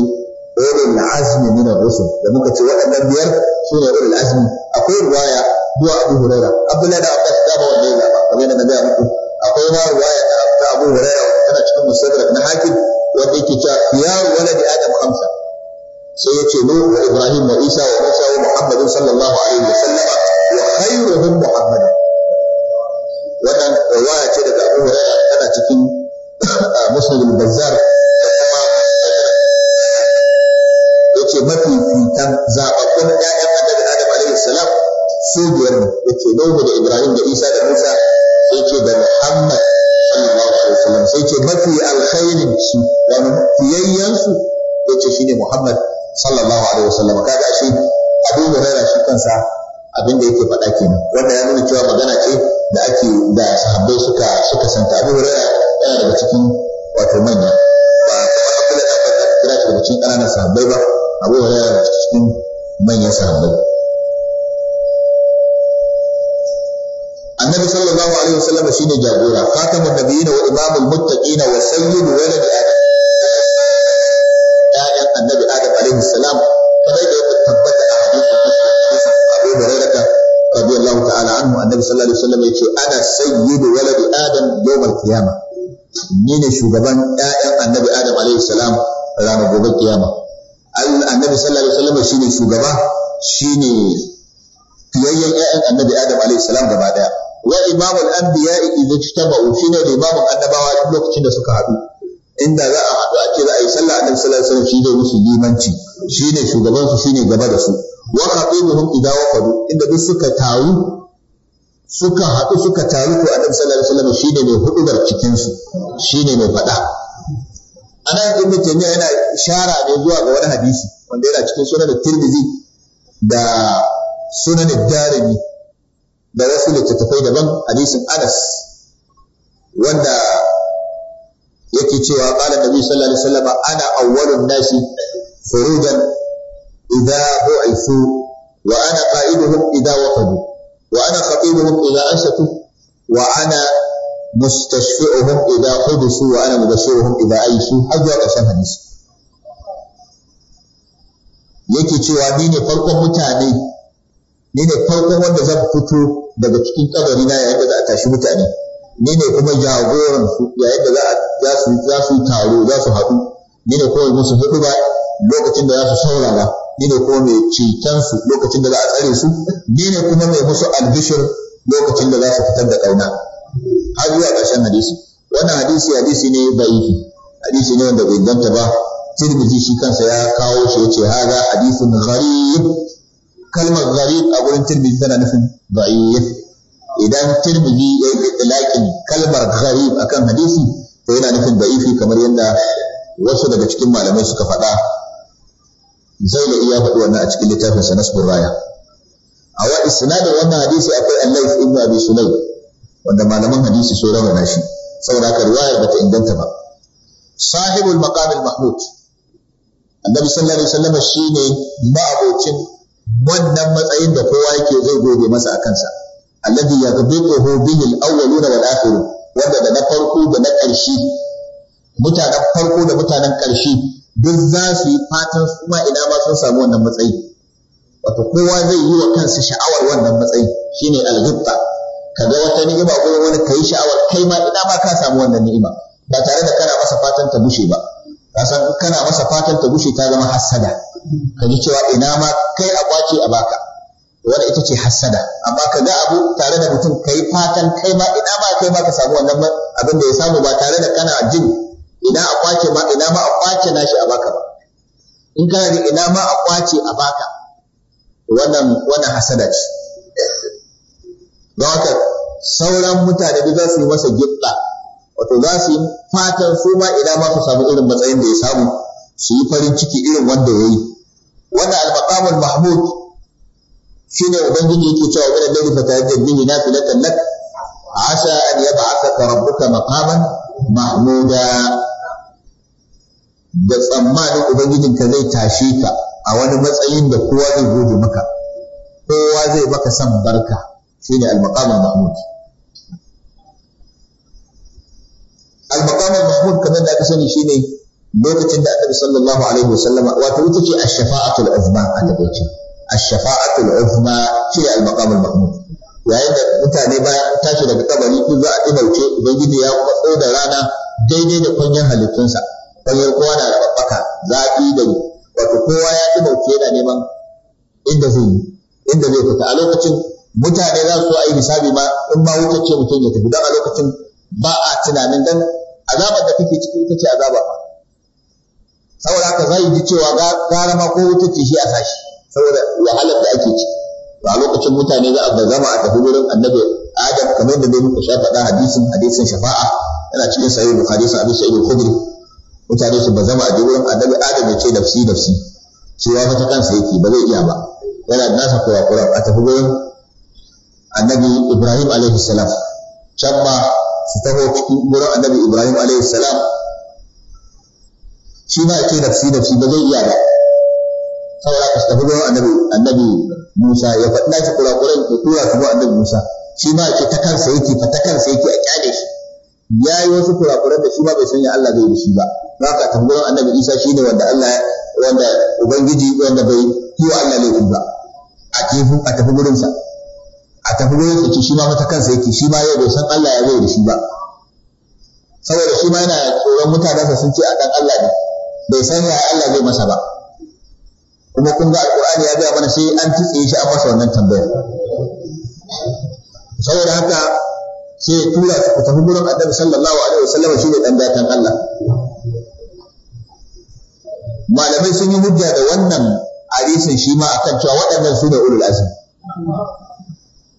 ulul azmi min ar-rusul da muka ce waɗannan biyar sune ulul azmi akwai ruwaya zuwa Abu Huraira Abdullahi da Abbas da ba wannan ba kamar yadda na gaya muku akwai ma ruwaya ta ta Abu Huraira tana cikin musaddarak na hakim wanda yake cewa ya waladi adam khamsa sai yace Nuhu Ibrahim wa Isa wa Musa wa Muhammadin sallallahu alaihi wasallam Nuhu da Ibrahim da Isa da Musa sai ce da Muhammad sallallahu alaihi wasallam sai ce mafi alkhairin su da fiyayyen su ya ce shine Muhammad sallallahu alaihi wasallam kaga shi Abu Hurairah shi kansa abin da yake faɗa kenan wanda ya nuna cewa magana ce da ake da sahabbai suka suka santa Abu Hurairah yana daga cikin wato manya ba kamar Abdullahi da Abbas kira shi cikin ƙananan sahabbai ba Abu Hurairah daga cikin manyan sahabbai annabi sallallahu alaihi wasallam shine jagora khatamun nabiyina wa imamul muttaqina wa sayyidu walad adam ya'yan annabi adam alaihi salam kamar da ya tabbata a hadisin muslim abu hurairah radiyallahu ta'ala anhu annabi sallallahu alaihi wasallam yace ana sayyidu walad adam yawmal qiyamah ni ne shugaban ya'yan annabi adam alaihi salam ranar gobe kiyama annabi sallallahu alaihi wasallam shine shugaba shine fiyayyen ya'yan annabi adam alaihi salam gaba daya wa imamul anbiya idza shi shine da imamun annabawa duk lokacin da suka haɗu inda za a haɗu a ce za a yi sallah annabi sallallahu alaihi wasallam shi ne musu limanci shine shugaban su shine gaba da su wa khatibuhum idza waqadu inda duk suka taru suka haɗu suka taru to annabi sallallahu alaihi wasallam shine mai hudubar cikin su shine mai faɗa anan ibnu taymiya yana ishara ne zuwa ga wani hadisi wanda yana cikin sunan tirmidhi da sunan darimi da wasu littattafai daban hadisin Anas wanda yake cewa qala nabi sallallahu alaihi wasallam ana awwalun nasi idan idza bu'ithu wa ana qa'iduhum idza waqadu wa ana khatibuhum idza shatu wa ana mustashfi'uhum idza su wa ana mubashiruhum idza aishu har zuwa ƙarshen hadisi yake cewa ni ne farkon mutane ni ne farkon wanda zan fito daga cikin kabari na yayin da za a tashi mutane ni ne kuma jagoran su yayin da za su za su taro za su haɗu ni ne kuma musu hudu ba lokacin da za su saurara ni ne kuma mai cikin su lokacin da za a tsare su ni ne kuma mai musu albishir lokacin da za su fitar da ƙauna har zuwa ƙarshen hadisi wannan hadisi hadisi ne bai yi. hadisi ne wanda bai ganta ba tirmidhi shi kansa ya kawo shi yace haza hadithun gharib kalmar gharib a wurin tirmidhi tana nufin da'if idan tirmidhi ya yi itlaqin kalmar gharib akan hadisi to yana nufin da'ifi kamar yadda wasu daga cikin malamai suka faɗa zai da iya faɗi wannan a cikin littafin sa nasbur raya a wa isnadin wannan hadisi akwai Allah ibn Abi Sulaim wanda malaman hadisi sun rawana shi saboda ka riwaya bata inganta ba sahibul maqam al mahmud annabi sallallahu alaihi wasallam shine ma'abocin wannan matsayin da kowa yake zai gobe masa a kansa alladhi yaqbiduhu bihi al-awwaluna wal akhiru wanda da na farko da na ƙarshe mutanen farko da mutanen ƙarshe duk za su yi fatan su ma ina ma sun samu wannan matsayi wato kowa zai yi wa kansa sha'awar wannan matsayi shine al-ghibta kaga wata ni'ima ko wani kai sha'awar kai ma ina ma ka samu wannan ni'ima ba tare da kana masa fatan ta bushe ba kasan kana masa fatan ta bushe ta zama hassada ka ji cewa ina ma kai a kwace a baka wanda ita ce hassada amma ka ga abu tare da mutum kai fatan kai ma ina ma kai ma ka samu wannan abin da ya samu ba tare da kana jin ina a kwace ma ina ma a kwace nashi a baka ba in kana da ina ma a kwace a baka wannan wannan hasada ce don haka sauran mutane duk za su yi masa gibda wato za su yi fatan su ma ina ma su samu irin matsayin da ya samu su yi farin ciki irin wanda ya yi wannan al-maqamul mahmud shine ubangiji yake cewa wa rabbi fa ta'azzab bihi nafilatan lak asa an yab'athaka rabbuka maqaman mahmuda da tsammanin ubangijinka zai tashe ka a wani matsayin da kowa zai gode maka kowa zai maka san barka shine al-maqamul mahmud al-maqamul mahmud kamar da aka sani shine lokacin da annabi sallallahu alaihi wasallama wato ita ce ash-shafa'atul uzma a tabbaci ash-shafa'atul uzma ce al-maqam al-mahmud yayin da mutane ba tashi daga kabari ko za a don ubangiji ya kwatso da rana daidai da kunyar halittunsa kunyar kowa na da babbaka zafi da ni. wato kowa ya ɗauke yana neman inda zai yi inda zai fita a lokacin mutane za su a yi misali ma in ba wuta ce mutum ya tafi don a lokacin ba a tunanin dan azabar da kake ciki ita ce azaba fa saboda haka zai ji cewa gara ma ko wuta ce shi a sashi saboda wahalar da ake ci a lokacin mutane za a bazama a tafi wurin annabi adam kamar da dai muka sha faɗa hadisin hadisin shafa'a yana cikin sahih bukhari sa abin sa'id al-khudri mutane su bazama a je wurin annabi adam ya ce nafsi nafsi cewa mata kansa yake ba zai iya ba yana da nasa kowa kuran a tafi wurin annabi ibrahim alaihi salam can ma su taho cikin wurin annabi ibrahim alaihi salam shi ma ce nafsi nafsi ba zai iya ba saboda ka tafi ga annabi annabi Musa ya faɗa shi kurakuran ke tura su ga annabi Musa shi ma ce ta kansa yake fa ta kansa yake a kyale shi ya yi wasu kurakuran da shi ba bai sanya Allah zai da shi ba Ba don haka tambayar annabi Isa shi ne wanda Allah wanda ubangiji wanda bai yi wa Allah laifi ba a tafi a tafi gurin sa a tafi gurin sa shi ma mata kansa yake shi ma yau bai san Allah ya zai da shi ba saboda shi ma yana tsoron mutanen sa sun ce a kan Allah ne bai sani ya Allah zai masa ba kuma kun ga alqur'ani ya gaya mana sai an tutse shi a masa wannan tambayar saboda haka sai ya tura su ku tafi gurin annabi sallallahu alaihi wasallam shi ne dan datan Allah malamai sun yi hujja da wannan hadisin shi ma akan cewa waɗannan su ne ulul azmi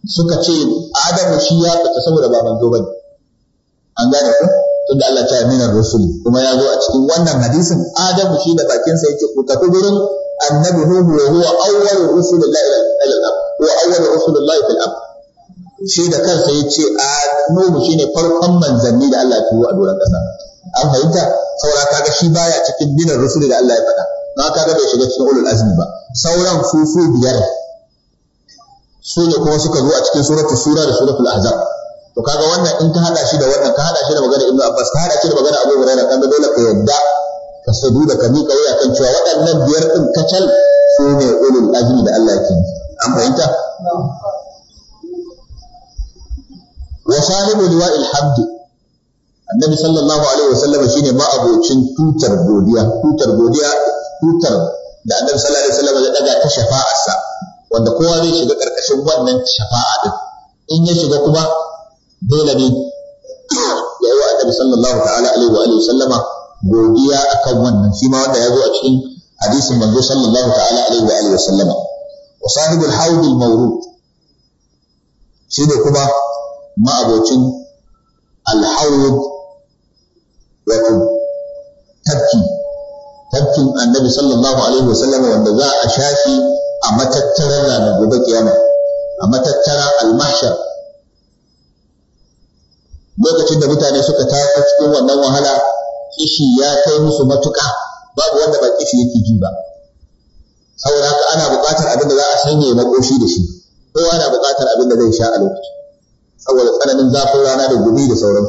suka ce adamu shi ya fita saboda ba manzo bane an gane ku tunda Allah ta amina rusuli kuma ya zo a cikin wannan hadisin Adamu shi da sa yake kuka tafi gurin annabi Nuhu wa huwa awwal rusulillahi ila al-ab wa awwal rusulillahi fil ab shi da kansa yace a Nuhu shine farkon manzanni da Allah ya tuwo a doron kasa an fahimta saura kaga shi baya cikin dinar rusuli da Allah ya faɗa na kaga bai shiga cikin ulul azmi ba sauran fufu biyar su ne kuma suka zo a cikin suratul sura da suratul ahzab to kaga wannan in ka hada shi da wannan ka hada shi da magana Ibn Abbas ka hada shi da magana Abu Hurairah kaga dole ka yadda ka sadu da ka miƙa waya kan cewa waɗannan biyar din kacal su ne ulul azmi da Allah yake an fahimta wa sahibu liwa'il hamd annabi sallallahu alaihi wasallam shine abocin tutar godiya tutar godiya tutar da annabi sallallahu alaihi wasallam ya daga ta shafa'arsa wanda kowa zai shiga karkashin wannan shafa'a din in ya shiga kuma dole ne ya yi wa sallallahu ta'ala alaihi wa alihi sallama godiya akan wannan shi ma wanda ya zo a cikin hadisin manzo sallallahu ta'ala alaihi wa alihi sallama wa sahibul hawd mawrud shi ne kuma ma'abocin al wato tafki tafkin annabi sallallahu alaihi wa sallama wanda za a shashi a matattarar ranar gobe kiyama a matattara al lokacin da mutane suka tafi cikin wannan wahala kishi ya kai musu matuƙa babu wanda ba kishi yake ji ba saboda haka ana buƙatar abin da za a sanya makoshi da shi kowa na buƙatar abin da zai sha a lokaci saboda tsananin zafin rana da gumi da sauran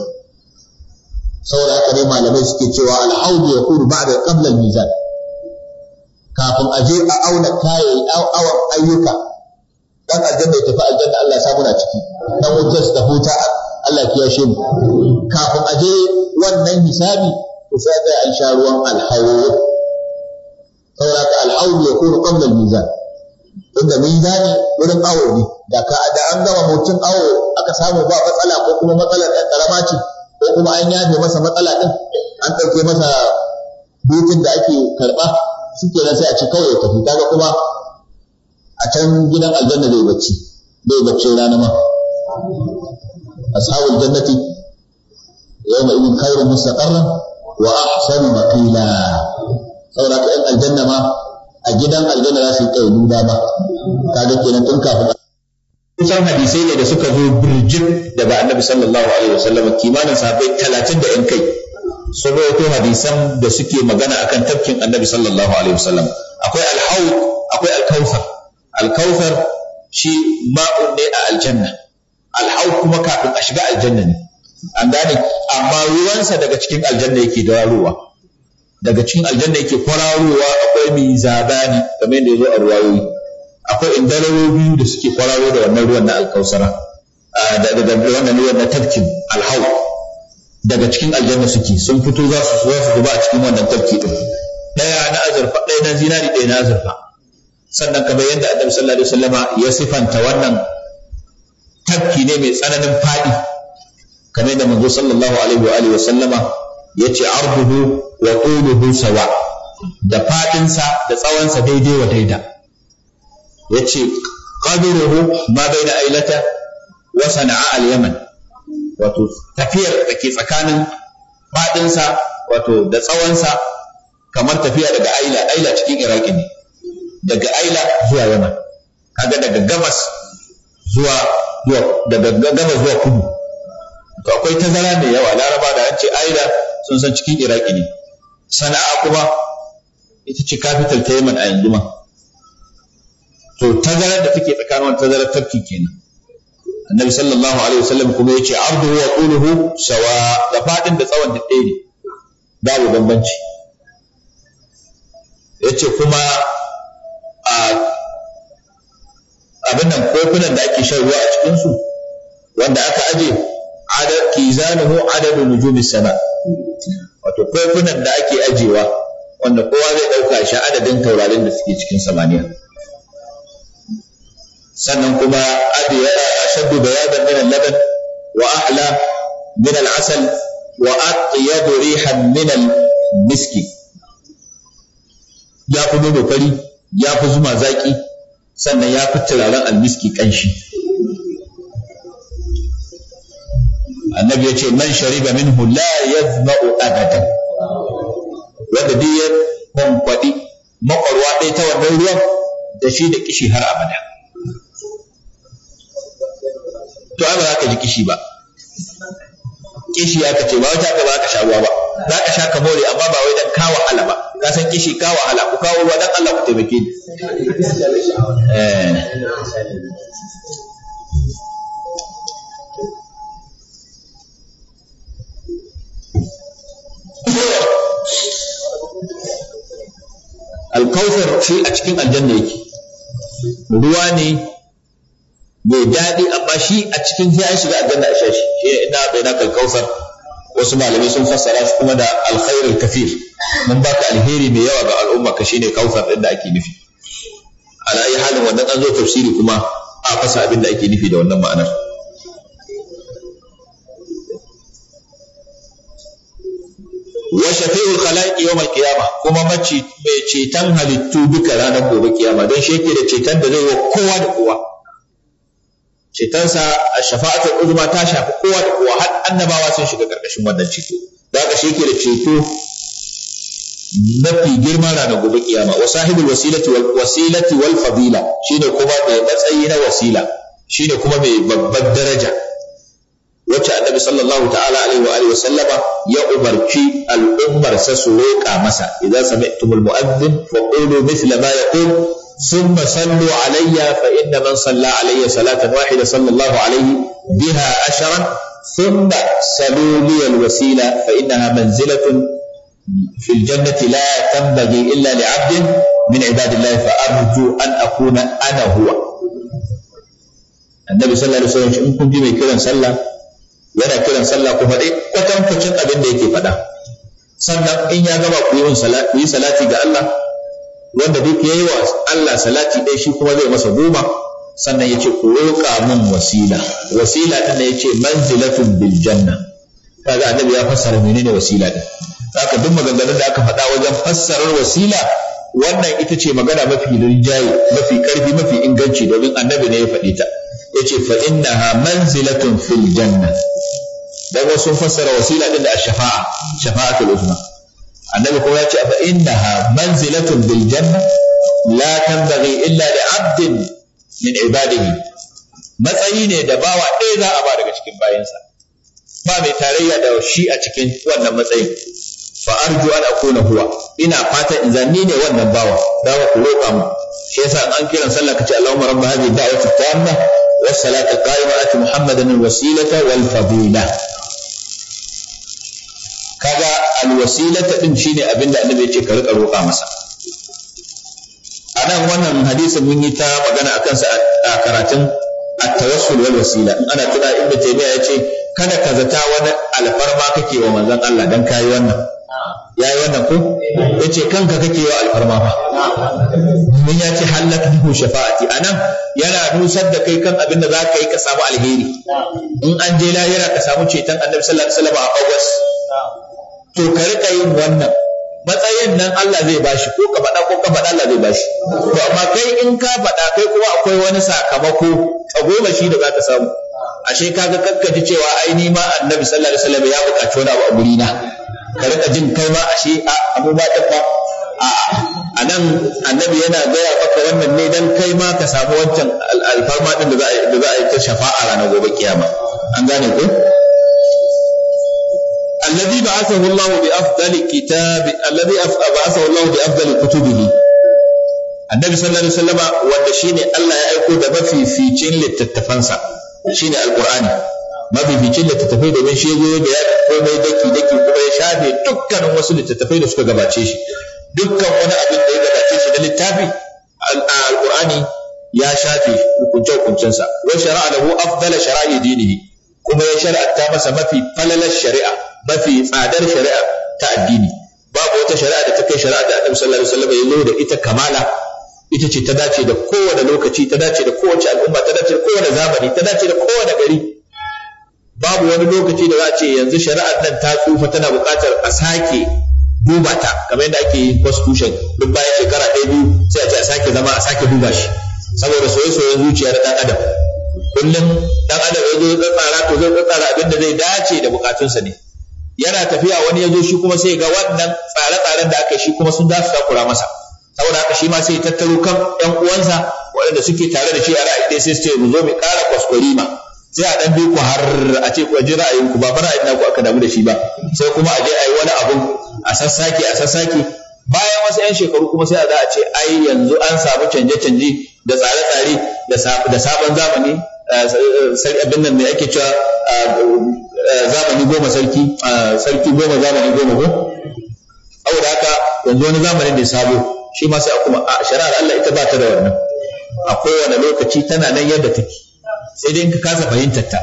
saboda haka ne malamai suke cewa alhaudu ya kuru ba da qabla mizan kafin a je a auna kayan awon ayyuka dan aljanna ya tafi aljanna Allah ya samu na ciki dan wutar ta huta a Allah ya shi mu kafin a je wannan hisabi to sai tsaya an sha ruwan alhawo saboda ka alhawo ya kuma kamar mizan inda mizani wurin awo ne da ka da an gama mutum awo aka samu ba matsala ko kuma matsalar ɗan karama ce ko kuma an yafe masa matsala ɗin an ɗauke masa dukin da ake karɓa suke nan sai a ci kawai ya tafi kaga kuma a can gidan aljanna zai bacci zai bacci rana ma ashabul jannati yawma idin khairun mustaqarran wa ahsanu maqila saboda ka yan aljanna ma a gidan aljanna za su yi kai duba ba kaga kenan tun kafin kusan hadisai ne da suka zo birjin daga annabi sallallahu alaihi wasallam kimanin sahabbai 30 da yan kai sun rawaito hadisan da suke magana akan tafkin annabi sallallahu alaihi wasallam akwai akwai shi ma'un ne a aljanna alhau kuma kafin a shiga aljanna ne an gane amma ruwansa daga cikin aljanna yake dararowa daga cikin aljanna yake kwararowa akwai mai zabani kamar yadda ya zo a ruwayoyi akwai indararo biyu da suke kwararo da wannan ruwan na alkausara daga wannan ruwan na tafkin alhau daga cikin aljanna suke sun fito za su su zuba a cikin wannan tafki din daya na azurfa daya na zinari daya na azurfa sannan kamar yadda annabi sallallahu alaihi wasallama ya sifanta wannan tafki ne mai tsananin faɗi kamar da manzo sallallahu alaihi wa sallama ya ce arduhu wa quluhu sawa da faɗinsa da tsawonsa daidai wa daida ya ce qadruhu ma baina ailata wa sana'a al-yaman wato tafiyar da ke tsakanin faɗinsa wato da tsawonsa kamar tafiya daga aila aila cikin iraki ne daga aila zuwa yaman kaga daga gabas zuwa daga zuwa kudu to akwai tazara mai yawa laraba da an ce aida sun san cikin iraki ne sana'a kuma ita ce capital ta yaman a yanzu ma to tazarar da take tsakanin wani tazarar tafki kenan annabi sallallahu alaihi wasallam kuma ya ce ardu wa quluhu sawa da fadin da tsawon da ɗaya ne babu bambanci ya ce kuma a abin nan kofunan da ake shan ruwa a cikin su wanda aka aje adad kizanuhu adadu nujumi sama wato kofunan da ake ajewa wanda kowa zai dauka shi adadin taurarin da suke cikin samaniya sannan kuma ya ashaddu bayadan min al-laban wa ahla min al-asal wa aqyad rihan min al-miski ya fi nono fari ya fi zuma zaki sannan ya fi turaren almiski kanshi annabi ya ce man shariba minhu la yazma'u abadan wanda duk ya kwankwaɗi makwarwa ɗaya ta wannan ruwan da shi da kishi har abada to ai ba za ka ji kishi ba kishi ya ka ce ba wata ka ba ka sha ruwa ba za ka sha ka more amma ba wai dan ka wahala ba ka san kishi ka wahala ku kawo ruwa dan Allah ku taimake ni eh. alkawfar shi a cikin aljanna yake ruwa ne mai daɗi amma shi a cikin sai an shiga aljanna a sha shi shi ina bai na kalkausar wasu malamai sun fassara shi kuma da alkhairul kafir mun baka alheri mai yawa ga al'umma ka shine kausar din da ake nufi ala ayi halin wannan an zo tafsiri kuma a fasa abin da ake nufi da wannan ma'anar wa shafi'ul khalaiqi yawm al-qiyamah kuma mace mai ceton halittu duka ranar gobe kiyama dan shi yake da ceton da zai wa kowa da kowa cetonsa a shafa'atul uzma ta shafi kowa da kowa har annabawa sun shiga karkashin wannan ceto da haka shi yake da ceto mafi girma ranar gobe kiyama wa sahibul wasilati wal wasilati wal fadila shine kuma mai matsayi na wasila shine kuma mai babban daraja wacce annabi sallallahu ta'ala alaihi wa alihi wa sallama ya umarci al'ummar sa su roƙa masa idza sami'tumul mu'adhdhin fa qulu mithla ma yaqul ثم صلوا علي فإن من صلى علي صلاة واحدة صلى الله عليه بها عشرا ثم سلوا لي الوسيلة فإنها منزلة في الجنة لا تنبغي إلا لعبد من عباد الله فأرجو أن أكون أنا هو النبي صلى الله عليه وسلم إن كنت من كلا صلى yana kiran sallah ku faɗi kwatankwacin abin da yake faɗa sannan in ya gama ku yi salati ga Allah wanda duk ya yi wa Allah salati ɗaya shi kuma zai masa goma sannan ya ce roƙa min wasila wasila din ne yace manzilatun bil janna kaga annabi ya fassara menene wasila din haka duk maganganun da aka faɗa wajen fassarar wasila wannan ita ce magana mafi rinjaye mafi karfi mafi inganci domin annabi ne ya faɗi ta Ya yace fa innaha manzilatun fil janna dan wasu fassara wasila din da shafa'a shafa'atul uzma annabi kuma ya ce fa innaha manzilatun bil janna la tanbaghi illa li 'abdin min ibadihi matsayi ne da bawa ɗaya za a ba daga cikin bayansa ba mai tarayya da shi a cikin wannan matsayin fa arju an akuna huwa ina fatan in zanni ne wannan bawa dawa ku roƙa mu shi yasa an kiran sallah kace Allahumma rabb hadhihi da'wati tamma was salatu qa'ima ati muhammadan al wasilata wal alwasilata din shine abin da annabi yake ka rika roƙa masa anan wannan hadisi mun yi ta magana akan sa a karatun at-tawassul wal wasila ana tuna ibnu taymiya yace kada ka zata wani alfarma kake wa manzon Allah dan kai wannan yayi wannan ko yace kanka kake wa alfarma fa mun ya ce halaka hu shafa'ati nan yana nusar da kai kan abin da za ka yi ka samu alheri in an je lahira ka samu ceton annabi sallallahu alaihi wasallam a august to ka riƙa yin wannan matsayin nan Allah zai bashi ko ka faɗa ko ka faɗa Allah zai bashi to amma kai in ka faɗa kai kuma akwai wani sakamako goma shi da za ka samu ashe kaga kakkaji cewa ai ni ma annabi sallallahu alaihi wasallam ya buƙaci wani abu a guri na ka riƙa jin kai ma ashe a abu ba ta fa a nan annabi yana gaya maka wannan ne dan kai ma ka samu wancan alfarma din da za a yi ta shafa'a ranar gobe kiyama an gane ko alladhi ba'athahu Allah bi afdali kitabi alladhi ba'athahu Allah bi afdali kutubihi annabi sallallahu alaihi wasallama wanda shine Allah ya aiko da mafificin littattafansa shine alqur'ani mafificin littattafai domin shi zo da ya komai daki kuma ya shafe dukkanin wasu littattafai da suka gabace shi dukkan wani abin da ya gabace shi na littafi alqur'ani ya shafe hukunce hukuncensa wa shara'a lahu afdala shara'i ne. kuma ya ta masa mafi falalar shari'a mafi tsadar shari'a ta addini babu wata shari'a da ta kai shari'a da Annabi sallallahu alaihi wasallam ya yi da ita kamala ita ce ta dace da kowane lokaci ta dace da kowace al'umma ta dace da kowane zamani ta dace da kowane gari babu wani lokaci da za a ce yanzu shari'ar nan ta tsufa tana buƙatar a sake duba ta kamar yadda ake yin constitution duk bayan shekara ɗaya biyu sai a ce a sake zama a sake duba shi saboda soyayya zuciya da ɗan adam kullum dan adam ya ya tsara to zai tsara abin da zai dace da bukatunsa ne yana tafiya wani yazo zo shi kuma sai ga wannan tsare-tsaren da aka shi kuma sun za su takura masa saboda haka shi ma sai tattaro kan ɗan uwansa waɗanda suke tare da shi a ra'ayi ɗaya sai su mu zo mu kara kwaskwari ma sai a ɗan bi ku har a ce ku ji ra'ayin ku ba ba ina ku aka damu da shi ba sai kuma a je a yi wani abu a sassake a sassake bayan wasu 'yan shekaru kuma sai a za a ce ai yanzu an samu canje-canje da tsare-tsare da sabon zamani abin nan ne ake cewa zamani goma sarki sarki goma zamani goma ko abu da haka yanzu wani zamani da sabo shi ma sai a kuma a shari'ar Allah ita ba ta da wannan a kowane lokaci tana nan yadda take sai dai ka kasa fahimtar ta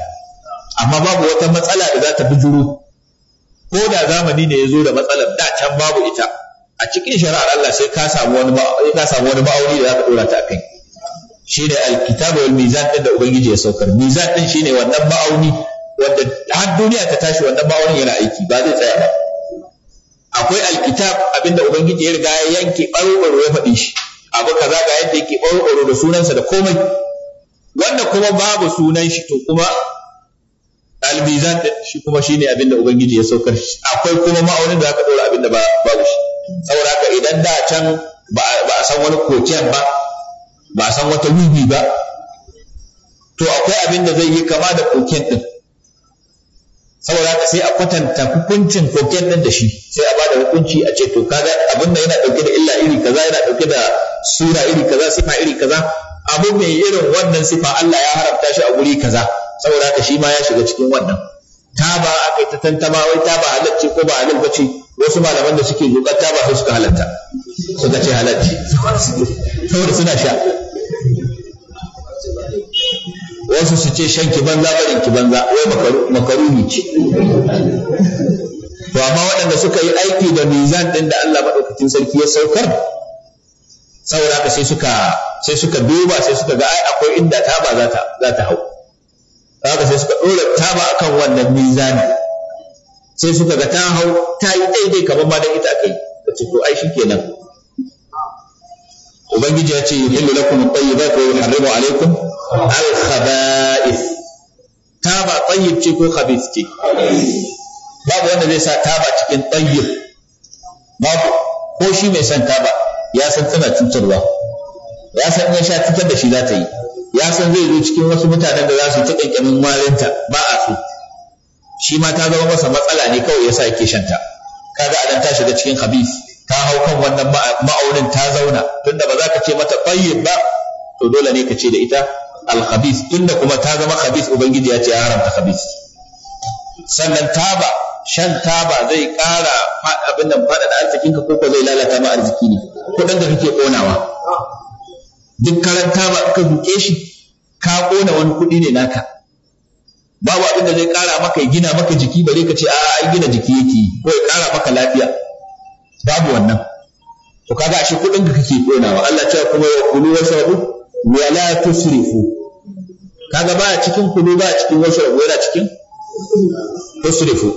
amma babu wata matsala da za ta bijiro ko da zamani ne ya zo da matsalar da can babu ita a cikin shari'ar Allah sai ka samu wani ma'auni da za ka dora ta kai. shine alkitab wal mizan din da ubangiji ya saukar mizan din shine wannan ma'auni wanda har duniya ta tashi wannan ma'aunin yana aiki ba zai tsaya ba akwai alkitab abinda ubangiji ya riga ya yanke ɓarɓaro ya faɗi shi abu kaza ga yadda yake ɓarɓaro da sunansa da komai wanda kuma babu sunan shi to kuma almizan din shi kuma shine abinda ubangiji ya saukar shi akwai kuma ma'aunin da aka ɗora abinda ba babu shi saboda haka idan da can ba a san wani koken ba ba san wata wiwi ba to akwai abin da zai yi kama da koken din saboda haka sai a kwatanta hukuncin koken din da shi sai a bada hukunci a ce to kaga abin da yana dauke da illa iri kaza yana dauke da sura iri kaza sifa iri kaza abu mai irin wannan sifa Allah ya haramta shi a guri kaza saboda haka shi ma ya shiga cikin wannan taba akai ta tantama wai taba halacci ko ba halin bace wasu malaman da suke zuƙar taba su suka halatta suka ce halacci. saboda suna sha wasu su ce shan ki banza barin ki banza wai makaruni ce to amma waɗanda suka yi aiki da mizan ɗin da Allah maɗaukakin sarki ya saukar saboda haka sai suka sai suka duba sai suka ga ai akwai inda taba za ta za ta hau haka sai suka ɗora taba akan wannan mizan sai suka ga ta hau ta yi daidai kamar ma da ita aka yi ce to ai shikenan ubangiji ya ce yuhillu lakum at-tayyibat wa yuharrimu alaykum al-khaba'ith taba tayyib ce ko khabith ce babu wanda zai sa taba cikin tayyib babu ko shi mai son taba ya san tana cutarwa ya san in sha cutar da shi za ta yi ya san zai zo cikin wasu mutanen da za su ta kankanin malinta ba a so shi ma ta zama masa matsala ne kawai ya sa yake shanta ga anan ta shiga cikin khabith ta hau kan wannan ma'aunin ta zauna tunda ba za ka ce mata tayyib ba to dole ne ka ce da ita al-khabith tunda kuma ta zama khabith ubangiji ya ce ya haramta khabith sannan taba shan taba zai kara abin nan fada da arzikin ka koko zai lalata ma arziki ne kudin da kake konawa duk karan taba ka duke shi ka kona wani kudi ne naka babu abin da zai kara maka ya gina maka jiki bare ka ce a an gina jiki yake ko ya kara maka lafiya babu wannan to kaga ashe kudin ka kake konawa Allah ya ce kuma ya kulu wasu wala tusrifu kaga ba cikin kudu ba cikin wasu rabu yana cikin tusrifu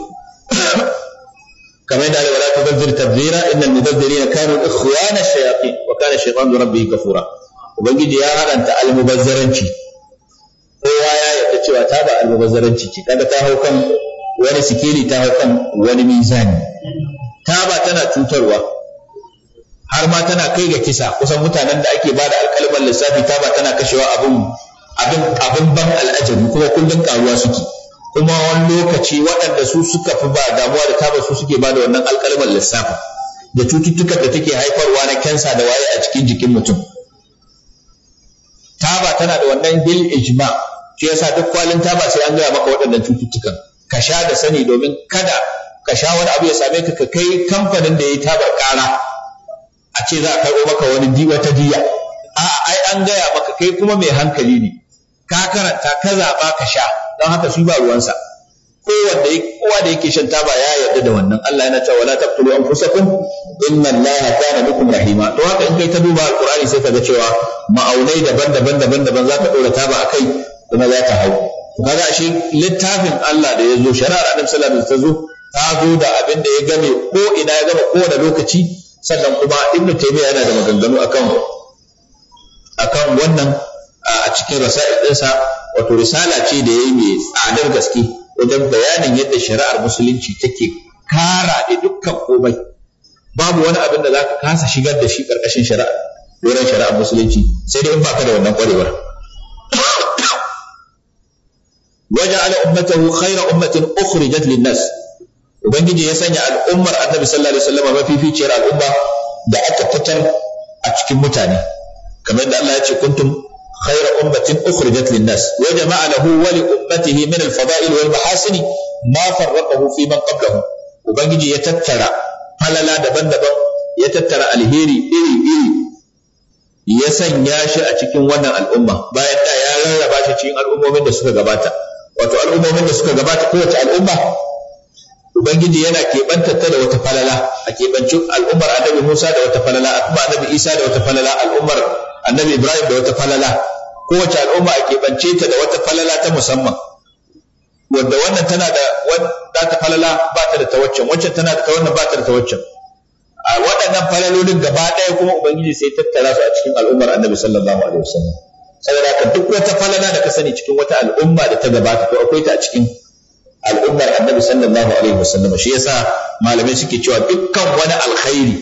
kamar yadda Allah wala tubazzir tabzira innal mubazzirina kanu ikhwana shayatin wa kana shaytanu rabbihi kafura ubangiji ya haɗanta almubazzaranci kowa ya yarda cewa ta ba almubazzaranci ce kaga ta hau kan wani sikili ta hau kan wani mizani ta ba tana cutarwa har ma tana kai ga kisa kusan mutanen da ake bada alkalmar lissafi ta ba tana kashewa abin abin abin ban al'ajabi kuma kullun karuwa suke kuma wani lokaci waɗanda su suka fi ba damuwa da taba su suke bada wannan alkalmar lissafi da cututtukan da take haifarwa na kansa da waye a cikin jikin mutum taba tana da wannan bil ijma shi yasa duk kwalin taba sai an gaya maka waɗannan cututtukan ka sha da sani domin kada ka sha wani abu ya same ka ka kai kamfanin da ya taba kara a ce za a karɓo maka wani diwa ta diya a ai an gaya maka kai kuma mai hankali ne ka karanta ka zaɓa ka sha don haka su ba ruwansa kowanne kowa da yake shan taba ya yarda da wannan Allah yana cewa la kusa anfusakum inna Allaha kana bikum rahima to haka in kai ta duba alqur'ani sai ka ga cewa ma'aunai daban-daban daban-daban zaka dora taba akai kuma za ta hau kaga shi littafin Allah da ya zo shari'ar Annabi sallallahu alaihi ta zo ta zo da abin da ya game ko ina ya gama kowane lokaci sannan kuma ibn taymiya yana da maganganu akan akan wannan a cikin rasa'il ɗinsa wato risala ce da yayi mai tsadar gaske wajen bayanin yadda shari'ar musulunci take kara da dukkan komai babu wani abin da zaka kasa shigar da shi karkashin shari'a wurin shari'ar musulunci sai dai in baka da wannan kwarewar وجعل khayra ummatin ukhrijat lin-nas ubangiji ya sanya al'ummar annabi sallallahu alaihi wasallam mafificiyar al'umma da aka fitar a cikin mutane kamar da Allah ya ce kuntum khayra ummatin ukhrijat lin-nas wa jama'a lahu wa li ummatihi min al-fada'il wal mahasini ma farraqahu fi man qablahu ubangiji ya tattara halala daban-daban ya tattara alheri iri-iri ya sanya shi a cikin wannan al'umma bayan da ya rarraba shi cikin al'ummomin da suka gabata wato al'ummomin da suka gabata kowace al'umma ubangiji yana keɓantata da wata falala a keɓancin al'ummar annabi musa da wata falala a kuma annabi isa da wata falala al'ummar annabi ibrahim da wata falala kowace al'umma a keɓance ta da wata falala ta musamman wanda wannan tana da wata falala ba ta da ta waccan waccan tana da ta wannan ba ta da ta waccan a waɗannan falalolin gaba ɗaya kuma ubangiji sai tattara su a cikin al'ummar annabi sallallahu alaihi wasallam saboda haka duk wata falala da ka sani cikin wata al'umma da ta gabata to akwai ta a cikin al'ummar annabi sallallahu alaihi wasallam shi yasa malamai suke cewa dukkan wani alkhairi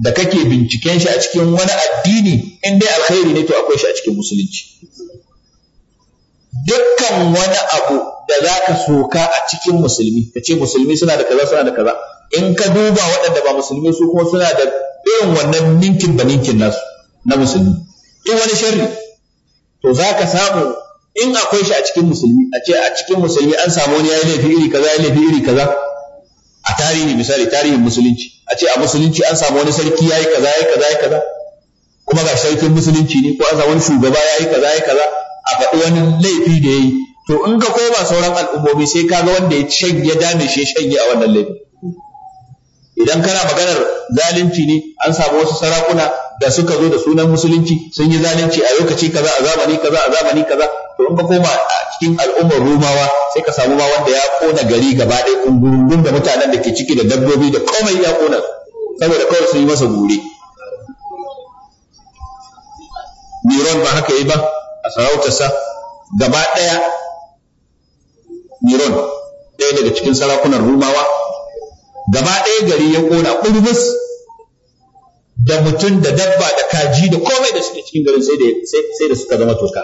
da kake binciken shi a cikin wani addini in dai alkhairi ne to akwai shi a cikin musulunci dukkan wani abu da zaka ka soka a cikin musulmi kace ce musulmi suna da kaza suna da kaza in ka duba waɗanda ba musulmi su kuma suna da irin wannan ninkin ba ninkin nasu na musulmi in wani sharri to zaka samu in akwai shi a cikin musulmi a ce a cikin musulmi an samu wani ya yi laifi iri kaza ya laifi iri kaza a tarihi misali tarihin musulunci a ce a musulunci an samu wani sarki ya yi kaza ya yi kaza ya kaza kuma ga sarkin musulunci ne ko an samu wani shugaba ya yi kaza ya kaza a faɗi wani laifi da ya yi to in ka koma sauran al'ummomi sai ka ga wanda ya shanye dame shi shanye a wannan laifi idan kana maganar zalunci ne an samu wasu sarakuna da suka zo da sunan musulunci sun yi zalunci a lokaci kaza a zamani kaza a zamani kaza to in ka koma a cikin al'ummar rumawa sai ka samu ma wanda ya kona gari gaba ɗaya kungurungun da mutanen da ke ciki da dabbobi da komai ya kona saboda kawai sun yi masa gure Niron ba haka yi ba a sarautarsa gaba ɗaya Niron ɗaya daga cikin sarakunan rumawa gaba ɗaya gari ya kona ƙurbus da mutum da dabba da kaji da komai da suke cikin garin sai da suka zama toka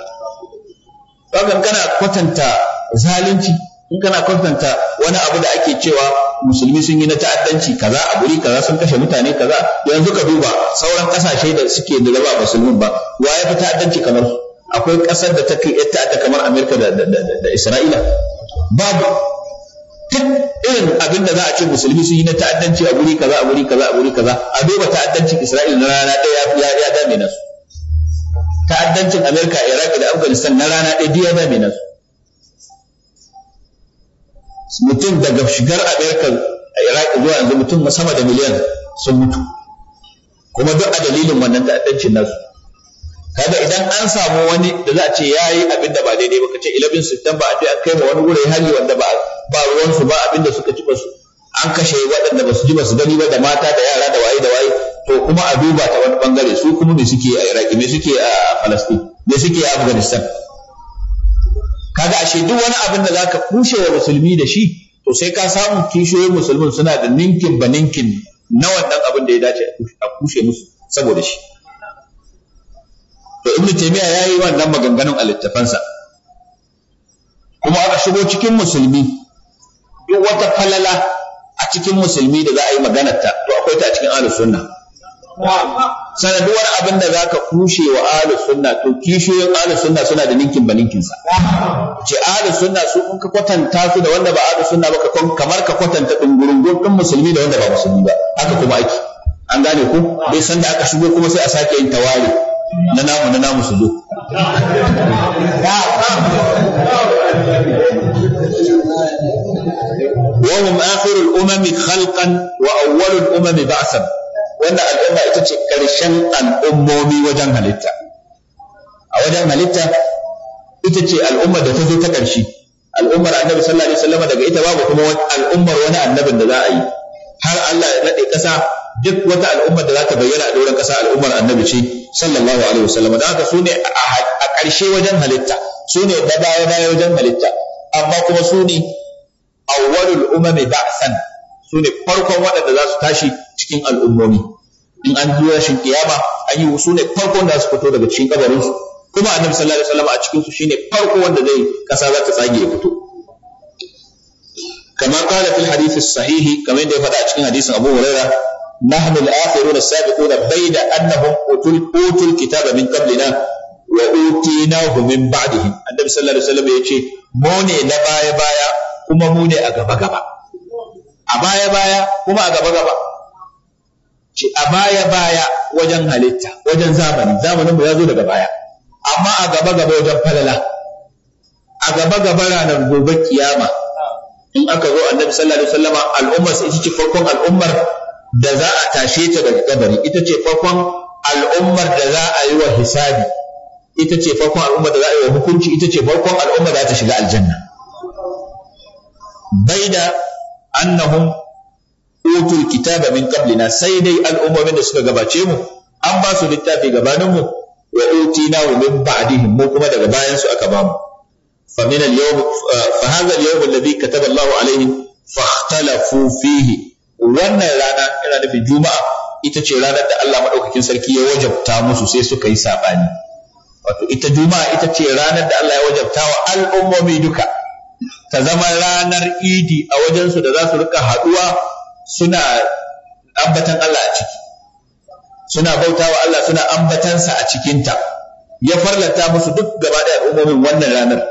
kaga kana kwatanta zalunci in kana kwatanta wani abu da ake cewa musulmi sun yi na ta'addanci kaza a guri kaza sun kashe mutane kaza yanzu ka duba sauran kasashe da suke da raba musulmin ba wa ya fi ta'addanci kamar akwai kasar da ta kai ta'adda kamar Amerika da Isra'ila babu duk irin abin da za a ce musulmi sun yi na ta'addanci a guri kaza a guri kaza a guri kaza a duba ta'addancin Isra'ila na rana ɗaya ya ya dame nasu ta'addancin Amerika Iraq da Afghanistan na rana ɗaya duk ya dame nasu mutum daga shigar Amerika Iraq zuwa yanzu mutum sama da miliyan sun mutu kuma duk a dalilin wannan ta'addancin nasu kaga idan an samu wani da za a ce yayi abin da ba daidai ba kace 11 September a ce an kai ma wani wuri hali wanda ba ba ruwan su ba abin da suka ci an kashe waɗanda ba su ji ba su gani ba da mata da yara da waye da waye to kuma a duba ta wani bangare su kuma me suke a Iraki me suke a Palestine me suke a Afghanistan kaga ashe duk wani abin da zaka kushe wa musulmi da shi to sai ka samu kishiyoyin musulmin suna da ninkin baninkin na wannan abin da ya dace a kushe musu saboda shi to ibn taymiya yayi wannan maganganun a littafansa kuma aka shigo cikin musulmi duk wata falala a cikin musulmi da za a yi maganar ta to akwai ta a cikin ahlus sunna sanaduwar abin da zaka kushe wa ahlus sunna to kishiyoyin ahlus sunna suna da ninkin ba ninkin sa ce ahlus sunna su in ka kwatanta su da wanda ba ahlus sunna ba kamar ka kwatanta gurin din musulmi da wanda ba musulmi ba haka kuma aiki, an gane ku bai san da aka shigo kuma sai a sake yin tawari na namu na namu su zo. Wahum akhirul umami khalqan wa awwalul umami ba'san. Wannan al'umma ita ce ƙarshen al'ummomi wajen halitta. A wajen halitta ita ce al'umma da ta zo ta ƙarshe. Al'ummar annabi sallallahu alaihi wasallam daga ita babu kuma al'ummar wani annabin da za a yi. Har Allah ya naɗe ƙasa duk wata al'ummar da za ta bayyana a doron ƙasa al'ummar annabi ce sallallahu alaihi wasallam da haka su ne a ƙarshe wajen halitta su ne na baya baya wajen halitta amma kuma su ne awwalul umami ba'san su ne farkon waɗanda za su tashi cikin al'ummomi in an duba shin kiyama an yi su ne farkon da su fito daga cikin kabarin su kuma annabi sallallahu alaihi wasallam a cikin su shine farko wanda zai ƙasa za ta tsage ya fito كما sahihi في الحديث ya كما a cikin hadisin Abu Hurairah nahnu al-akhiruna as-sabiquna bayda annahum utul utul kitaba min qablina wa utinahu min ba'dihim annabi sallallahu alaihi wasallam yace mu ne na baya baya kuma mu ne a gaba gaba a baya baya kuma a gaba gaba a baya baya wajen halitta wajen zamani zamanin mu ya zo daga baya amma a gaba gaba wajen falala a gaba gaba ranar gobe kiyama in aka zo annabi sallallahu alaihi wasallama al'ummar sai ce farkon al'ummar da za a tashe ta daga kabari ita ce farkon al'ummar da za a yi wa hisabi ita ce farkon al'ummar da za a yi wa hukunci ita ce farkon al'ummar da za ta shiga aljanna da annahum utul kitaba min qablina sai dai al'ummomin da suka gabace mu an ba su littafi gabanin mu wa utina wa min ba'dihim mu kuma daga bayan su aka bamu fa min al-yawm fa hadha al-yawm alladhi kataba Allahu alaihim fahtalafu fihi wannan rana ina nufin juma'a ita ce ranar da Allah madaukakin sarki ya wajabta musu sai suka yi sabani wato ita juma'a ita ce ranar da Allah ya wajabta wa al'ummomi duka ta zama ranar idi a wajensu da za su rika haduwa suna ambatan Allah a ciki suna bauta wa Allah suna ambatansa a cikinta ya farlata musu duk gaba da al'ummomin wannan ranar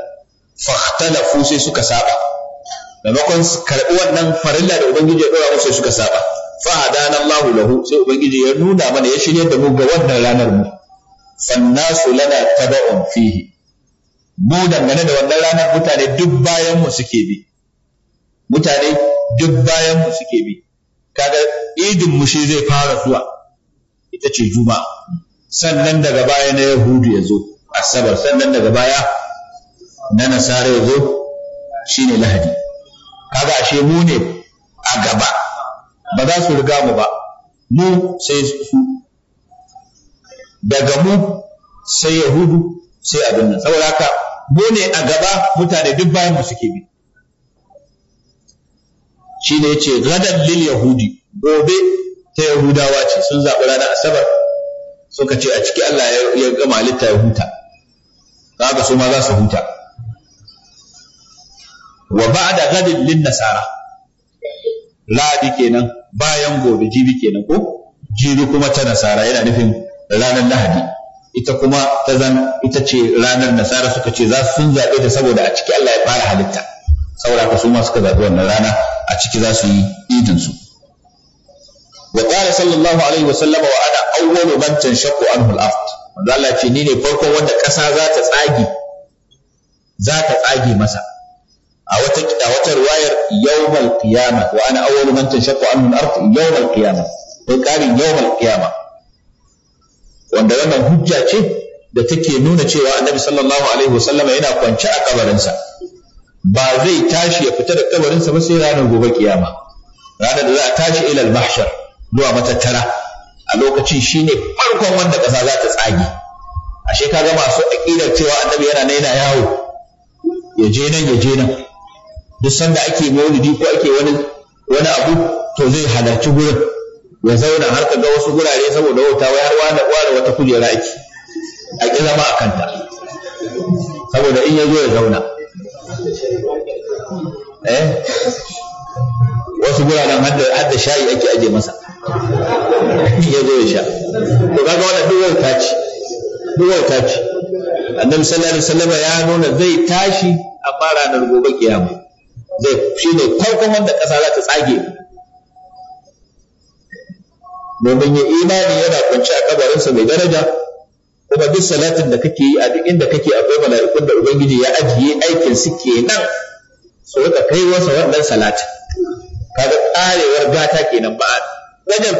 fahtalafu sai suka saba maimakon karɓi wannan farilla da ubangiji ya ɗora musu suka saba fa hadana Allahu lahu sai ubangiji ya nuna mana ya shirye da mu ga wannan ranar mu Sannasu lana taba'un fihi mu dangane da wannan ranar mutane duk bayan mu suke bi mutane duk bayan mu suke bi kaga idin mu shi zai fara zuwa ita ce juma. sannan daga baya na yahudu ya zo asabar sannan daga baya na nasara ya zo shine lahadi kaga ashe mu ne a gaba ba za su riga mu ba mu sai su daga mu sai yahudu sai abin nan saboda haka mu ne a gaba mutane duk bayan mu suke bi shi ne ce gadar lil yahudi gobe ta yahudawa ce sun zaɓi ranar asabar suka ce a ciki Allah ya gama halitta ya huta za su ma za su huta wa ba'da gadin lin nasara ladi kenan bayan gobe jibi kenan ko jibi kuma ta nasara yana nufin ranar lahadi ita kuma ta zan ita ce ranar nasara suka ce za sun zaɓe ta saboda a ciki Allah ya fara halitta saboda ka su ma suka zaɓi wannan rana a ciki za su yi idin su wa qala sallallahu alaihi wa sallama wa ana awwalu man tanshaqu anhu al-ard manzo Allah ce ni ne farkon wanda kasa za ta tsage za ta tsage masa a wata wayar yawmal qiyamah wa ana awwalu man tashaqqa anhu al yawmal ko kari yawmal wanda wannan hujja ce da take nuna cewa annabi sallallahu alaihi wasallam yana kwance a kabarinsa ba zai tashi ya fita da kabarinsa ba sai ranar gobe kiyama ranar da za a tashi ilal mahshar zuwa matattara a lokacin shine farkon wanda ƙasa za ta tsage ashe kaga masu aƙidar cewa annabi yana naina yawo ya je nan ya je nan duk sanda ake maulidi ko ake wani wani abu to zai halarci gurin ya zauna har ka ga wasu gurare saboda wata wai har wani wani wata kujera ake a ƙi zama a kanta saboda in ya zo ya zauna eh wasu guraren har da shayi ake aje masa ya zo ya sha to kaga wannan duk wani ce duk wani ce annabi sallallahu alaihi wasallam ya nuna zai tashi a ranar gobe kiyama zai shine farkon wanda ƙasa za ta tsage domin ya imani yana kwanci a kabarinsa mai daraja kuma duk salatin da kake yi a duk inda kake akwai mala'ikun da ubangiji ya ajiye aikin su kenan su rika kai wasa wannan salatin kaga karewar gata kenan ba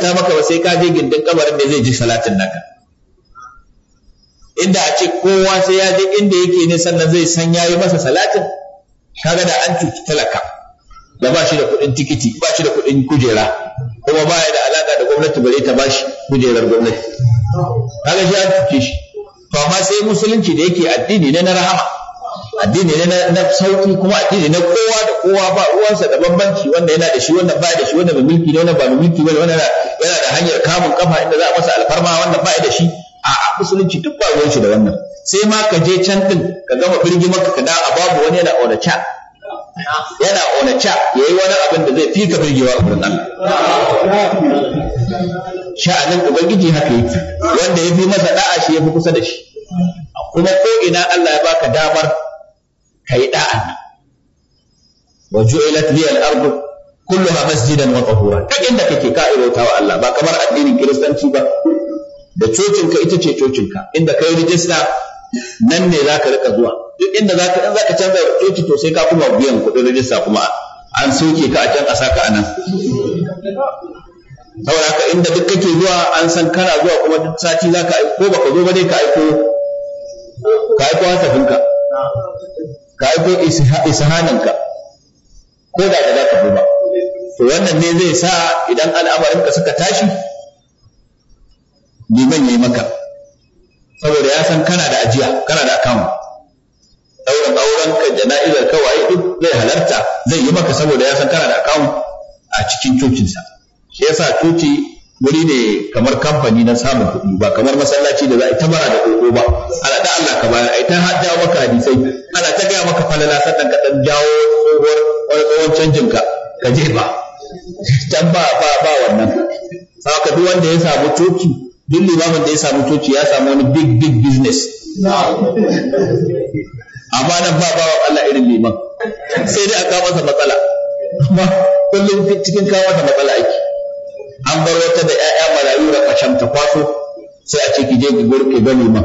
ta maka ba sai ka je gindin kabarin da zai ji salatin naka inda a ce kowa sai ya je inda yake ne sannan zai san yayi masa salatin kaga da an cuci talaka da ba shi da kuɗin tikiti ba shi da kuɗin kujera kuma ba ya da alaka da gwamnati bare ta ba shi kujerar gwamnati kaga shi an cuci shi to amma sai musulunci da yake addini ne na rahama addini ne na sauki kuma addini na kowa da kowa ba uwansa da bambanci wanda yana da shi wanda ba da shi wanda mai mulki ne wanda ba mai mulki ba wanda yana da hanyar kamun kafa inda za a masa alfarma wanda ba da shi a musulunci duk ba ruwan shi da wannan sai ma ka je can din ka gama birgi maka ka da babu wani yana cha. yana cha yayi wani abin da zai fi ka birgewa a gurin Allah sha'anin ubangiji haka yake wanda ya fi masa da'a shi ya fi kusa da shi kuma ko ina Allah ya baka damar ka yi da'a wa ju'ilat li al-ardu kulluha masjidan wa tahura ka inda kake ka irota wa Allah ba kamar addinin kiristanci ba da cocin ka ita ce cocin ka inda kai rijista nan ne za ka rika zuwa duk inda za ka in za ka canza ɗauki to sai ka kuma biyan kuɗin rajista kuma an soke ka a can a saka a nan saboda haka inda duk kake zuwa an san kana zuwa kuma duk sati za ka aiko baka zo ba dai ka aiko ka aiko hasafinka ka aiko isahananka, ko da ka za ka zo ba to wannan ne zai sa idan al'amarinka suka tashi liman ya yi maka saboda ya san kana da ajiya kana da account daurin aurenka jana'izar kawai duk zai halarta zai yi maka saboda ya san kana da account a cikin cocinsa shi yasa coci wuri ne kamar kamfani na samun kuɗi ba kamar masallaci da za a tabara da ƙoƙo ba ana da Allah ka bayar ai ta hajja maka hadisai ana ta gaya maka falala sannan ka dan jawo tsohuwar wani tsohon canjin ka ka je ba can ba ba wannan saka duk wanda ya samu coci duk limamin da ya samu coci ya samu wani big big business amma nan ba bawa Allah irin liman sai dai a kawo masa matsala amma kullum cikin kawo masa matsala ake an bar wata da ƴaƴa marayu da kwasham ta kwaso sai a ce ki je ki gurke ga liman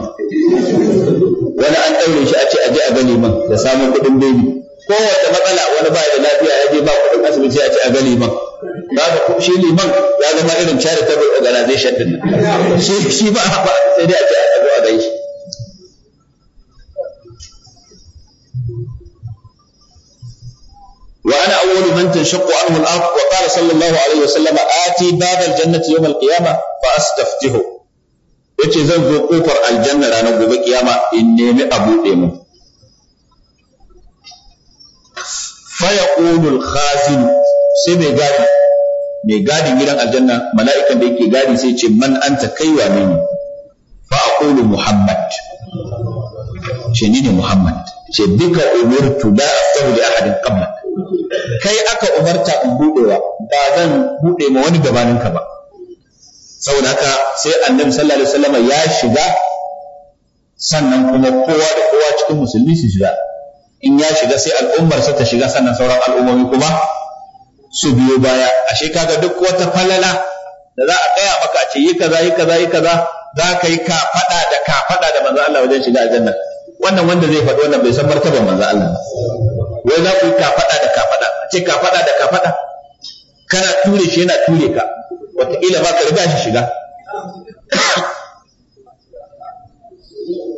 wani an ɗaure shi a ce a je a ga liman da samun kuɗin bebi kowace matsala wani ba da lafiya ya je ba kuɗin asibiti a ce a ga liman da ka ku shi liman ya zama irin charitable organization din nan shi shi ba ba sai dai a ce a zo a gaishe وأنا أول من تنشق عنه الأرض وقال صلى الله عليه وسلم آتي باب الجنة يوم القيامة فأستفتحه yace zan zo ƙofar aljanna ranar gobe kiyama in nemi a buɗe mu faya ƙunul sai mai gadi mai gadin gidan aljanna mala'ikan da yake gadi sai ce man anta kai wa ne fa aqulu muhammad ce ni ne muhammad ce bika umurtu la aftahu li ahadin qabla kai aka umarta in budewa ba zan bude ma wani gabanin ka ba saboda haka sai annabi sallallahu alaihi wasallam ya shiga sannan kuma kowa da kowa cikin musulmi su shiga in ya shiga sai al'ummar al'ummarsa ta shiga sannan sauran al'ummomi kuma su biyo baya ashe kaga duk wata falala da za a tsaya maka a ce yi kaza yi kaza yi kaza za ka yi kafada da kafada da manzo Allah wajen shiga aljanna wannan wanda zai faɗi wannan bai san martaban manzo Allah wai za ku yi kafada da kafada a ce kafada da kafada kana ture shi yana ture ka wataƙila ba ka riga shi shiga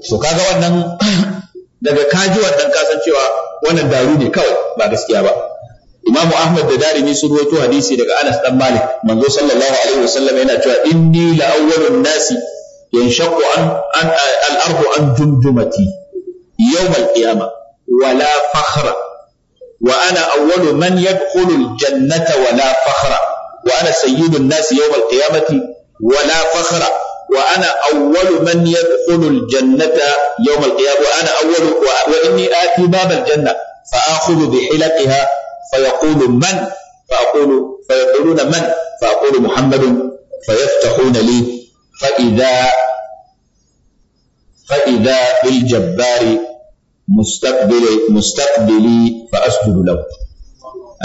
so kaga wannan daga kaji wannan kasancewa wannan daru ne kawai ba gaskiya ba imamu ahmad da darimi sun ruwaito hadisi daga anas dan malik manzo sallallahu alaihi wasallam yana cewa inni la awwalun nasi yanshaqu an an al-ardu an jumjumati yawm al-qiyama wala fakhra wa ana awwalu man yadkhulu al-jannata wala fakhra wa ana sayyidun nasi yawm al-qiyamati wala fakhra وأنا أول من يدخل الجنة يوم القيامة وأنا أول وإني آتي باب الجنة فآخذ بحلقها فيقول من فأقول فيقولون من فأقول محمد فيفتحون لي فإذا فإذا في الجبار مستقبل مستقبلي فأسجد له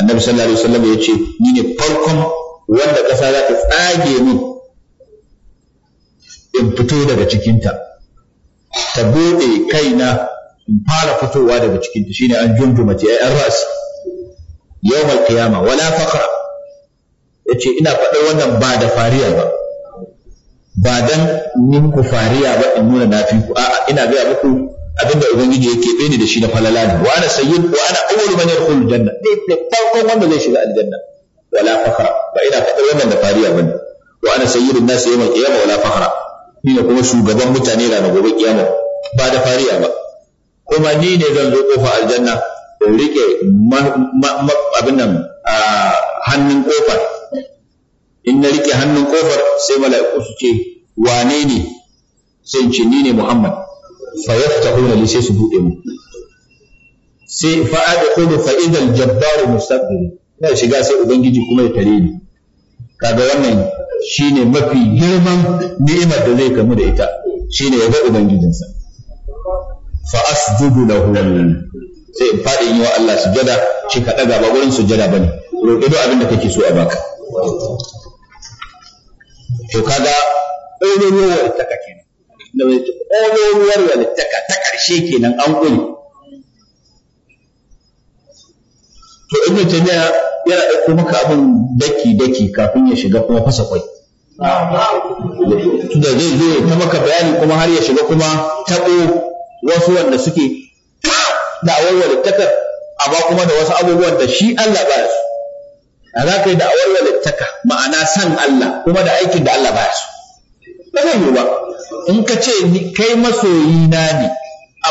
النبي صلى الله عليه وسلم يقول من فرقم wanda ƙasa za ta tsage min in fito daga cikinta ta buɗe kaina in fara fitowa daga cikinta shine an junjuma ce ai an rasu yawmal qiyama wala faqra yace ina faɗar wannan ba da fariya ba ba dan nin ku fariya ba in nuna na fi ku a'a ina ga muku abinda ubangiji yake bai ni da shi na falala ne wa ana sayyid wa ana awwal man yadkhul janna ne ne farkon wanda zai shiga aljanna wala fakhra ba ina faɗar wannan da fariya bane wa ana sayyidun nas yawmal qiyama wala fakhra ni ne kuma shugaban mutane ranar gobe kiyama ba da fariya ba kuma ni ne zan zo kofa aljanna rike abin nan hannun kofar in na rike hannun kofar sai mala'iku su ce wane ne sai ce ni ne muhammad fa ta li sai su bude mu sai fa adkhulu fa idal jabbar mustabbir shiga sai ubangiji kuma ya tare ni kaga wannan shine mafi girman ni'imar da zai kamu da ita shine ya ga ubangijinsa fa asjudu lahu sai in faɗi in yi wa Allah sujada shi ka ɗaga ba wurin sujada ba ne roƙi duk abin da kake so a baka to kaga ƙololuwar kenan da wani ta ƙarshe kenan an ƙuri. to in ibn taymiya yana ɗauko maka abin daki daki kafin ya shiga kuma fasa kwai da zai zo ta maka bayani kuma har ya shiga kuma taɓo wasu wanda suke da'awar walittakar amma kuma da wasu abubuwan da shi Allah baya su A za ka yi da'awar walittaka ma'ana san Allah kuma da aikin da Allah baya su ba zai yi ba in ka ce kai masoyi na ne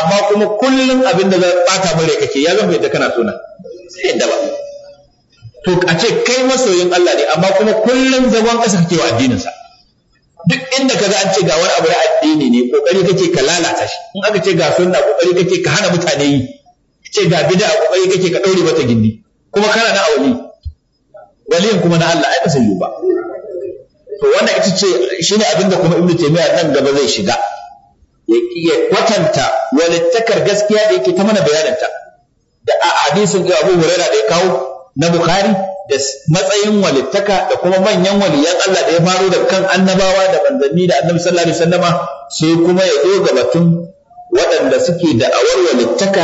amma kuma kullum abin da zai bata mure kake ya zama yadda kana suna sai yadda ba to a ce kai masoyin Allah ne amma kuma kullum zagon ƙasa kake wa addininsa duk inda ka ga an ce ga wani abu na addini ne kokari kake ka lalata shi in aka ce ga sunna kokari kake ka hana mutane yi ce ga bid'a a kokari kake ka daure mata gindi kuma kana na auli waliyin kuma na Allah ai ka sai ba to wannan ita ce shine abin da kuma ibnu taymiya nan gaba zai shiga ya ya kwatanta walittakar gaskiya da yake ta mana bayananta da a hadisin da Abu Hurairah da ya kawo na Bukhari da matsayin walittaka da kuma manyan waliyan Allah da ya faro da kan annabawa da manzanni da annabi sallallahu alaihi wasallama sai kuma ya zo ga batun waɗanda suke da awar walittaka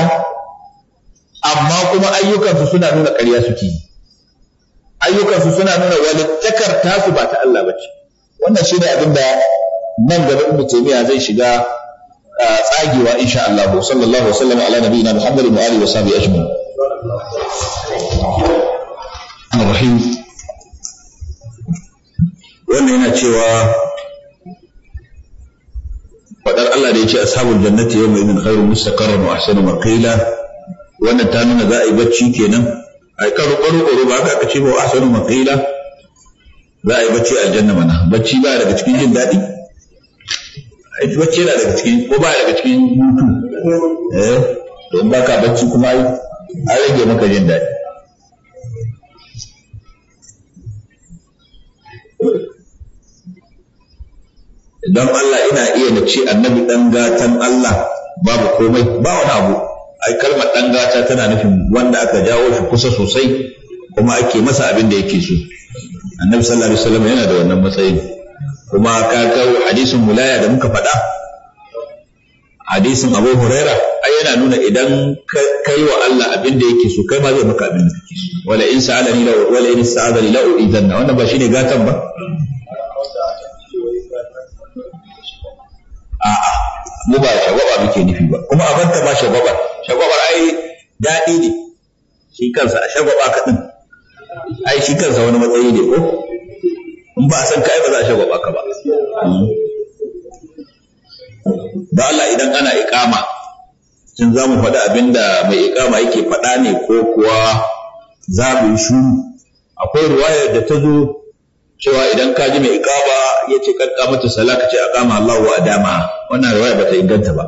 amma kuma ayyukansu suna nuna ƙarya suke yi ayyukansu suna nuna walittakar tasu ba ta Allah ba ce wannan shi ne abin da nan gaba ibnu taymiya zai shiga tsagewa insha Allah sallallahu alaihi wasallam ala nabiyina muhammadin wa alihi wa sahbihi ajma'in rahim wannan yana cewa fadar Allah da yake ashabul jannati yawma idin khairun mustaqarran wa ahsanu maqila wannan ta nuna za a yi bacci kenan a yi karo karo karo ba haka aka ce ba ahsanu makila za a yi bacci a aljanna mana bacci ba daga cikin jin daɗi bacci yana daga cikin ko ba daga cikin hutu eh don baka bacci kuma ai a rage maka jin daɗi don Allah ina iya na ce annabi ɗan gatan Allah babu komai ba wani abu ai kalmar ɗan gata tana nufin wanda aka jawo shi kusa sosai kuma ake masa abin da yake so annabi sallallahu alaihi wasallam yana da wannan matsayin kuma ka ga hadisin mulaya da muka faɗa hadisin abu huraira ai yana nuna idan kai wa Allah abin da yake so kai ma zai maka abin da yake so wala in sa'alani la wala in sa'alani la uidanna wannan ba shine gatan ba a'a mu ba shababa muke nufi ba kuma abanta ba shababa shagwabar ai daɗi ne shi kansa a shagwaba ka ɗin ai shi kansa wani matsayi ne ko in ba a san ka ba za a shagwaba ka ba da Allah idan ana iƙama shin za mu faɗi abinda mai iƙama yake faɗa ne ko kuwa za mu yi shuru akwai ruwayar da ta zo cewa idan ka ji mai iƙama ya ce karka mata salaka ce a kama Allah wa dama wannan ruwaya ba ta inganta ba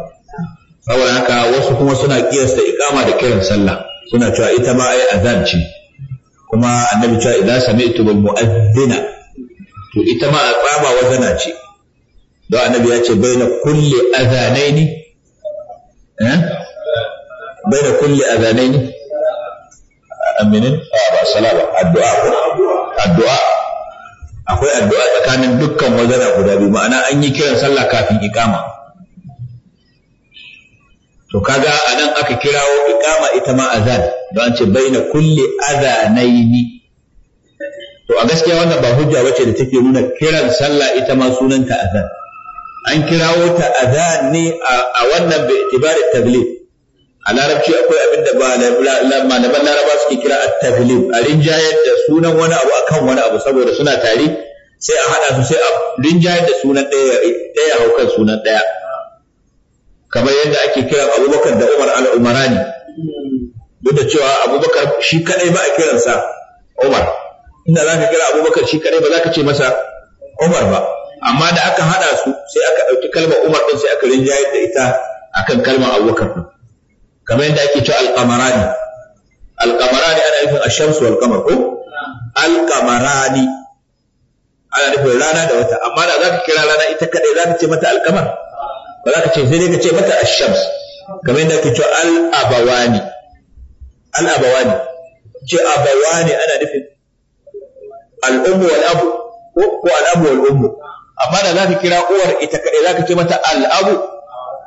saboda haka wasu kuma suna kiyasta iqama da kiran sallah suna cewa ita ma ai azan ce kuma annabi cewa idan sami'tu bil mu'adhdhina to ita ma aqama wazana ce don annabi ya ce baina kulli azanaini eh baina kulli azanaini aminin a ba salama addu'a addu'a akwai addu'a tsakanin dukkan wazana guda biyu ma'ana an yi kiran sallah kafin iqama to kaga anan aka kirawo iqama ita ma azan don an ce baina kulli azanaini to a gaskiya wannan ba hujja bace da take nuna kiran sallah ita ma sunanta azan an kirawo ta azan ne a wannan bai itibari taglib a larabci akwai abin da malaman laraba suke kira at-taglib a rinjayar da sunan wani abu akan wani abu saboda suna tari, sai a hada su sai a rinjayar da sunan daya daya haukan sunan ɗaya. kamar yadda ake kiran abubakar da umar al-umarani duk da cewa abubakar shi kadai ba a kiransa umar inda za ka kira abubakar shi kadai ba za ka ce masa umar ba amma da aka hada su sai aka ɗauki kalmar umar ɗin sai aka rinjayar da ita akan kalmar abubakar ɗin kamar yadda ake cewa al-qamarani al-qamarani ana nufin ash-shams wal qamar ko al-qamarani ana nufin rana da wata amma da za ka kira rana ita kadai za ka ce mata al-qamar ba za ka ce sai dai ka ce mata ashams kamar yadda ake cewa al'abawani al'abawani. ce abawani ana nufin al'ummu ummu wal abu ko al'abu abu wal ummu amma da za ka kira uwar ita kaɗai za ka ce mata al'abu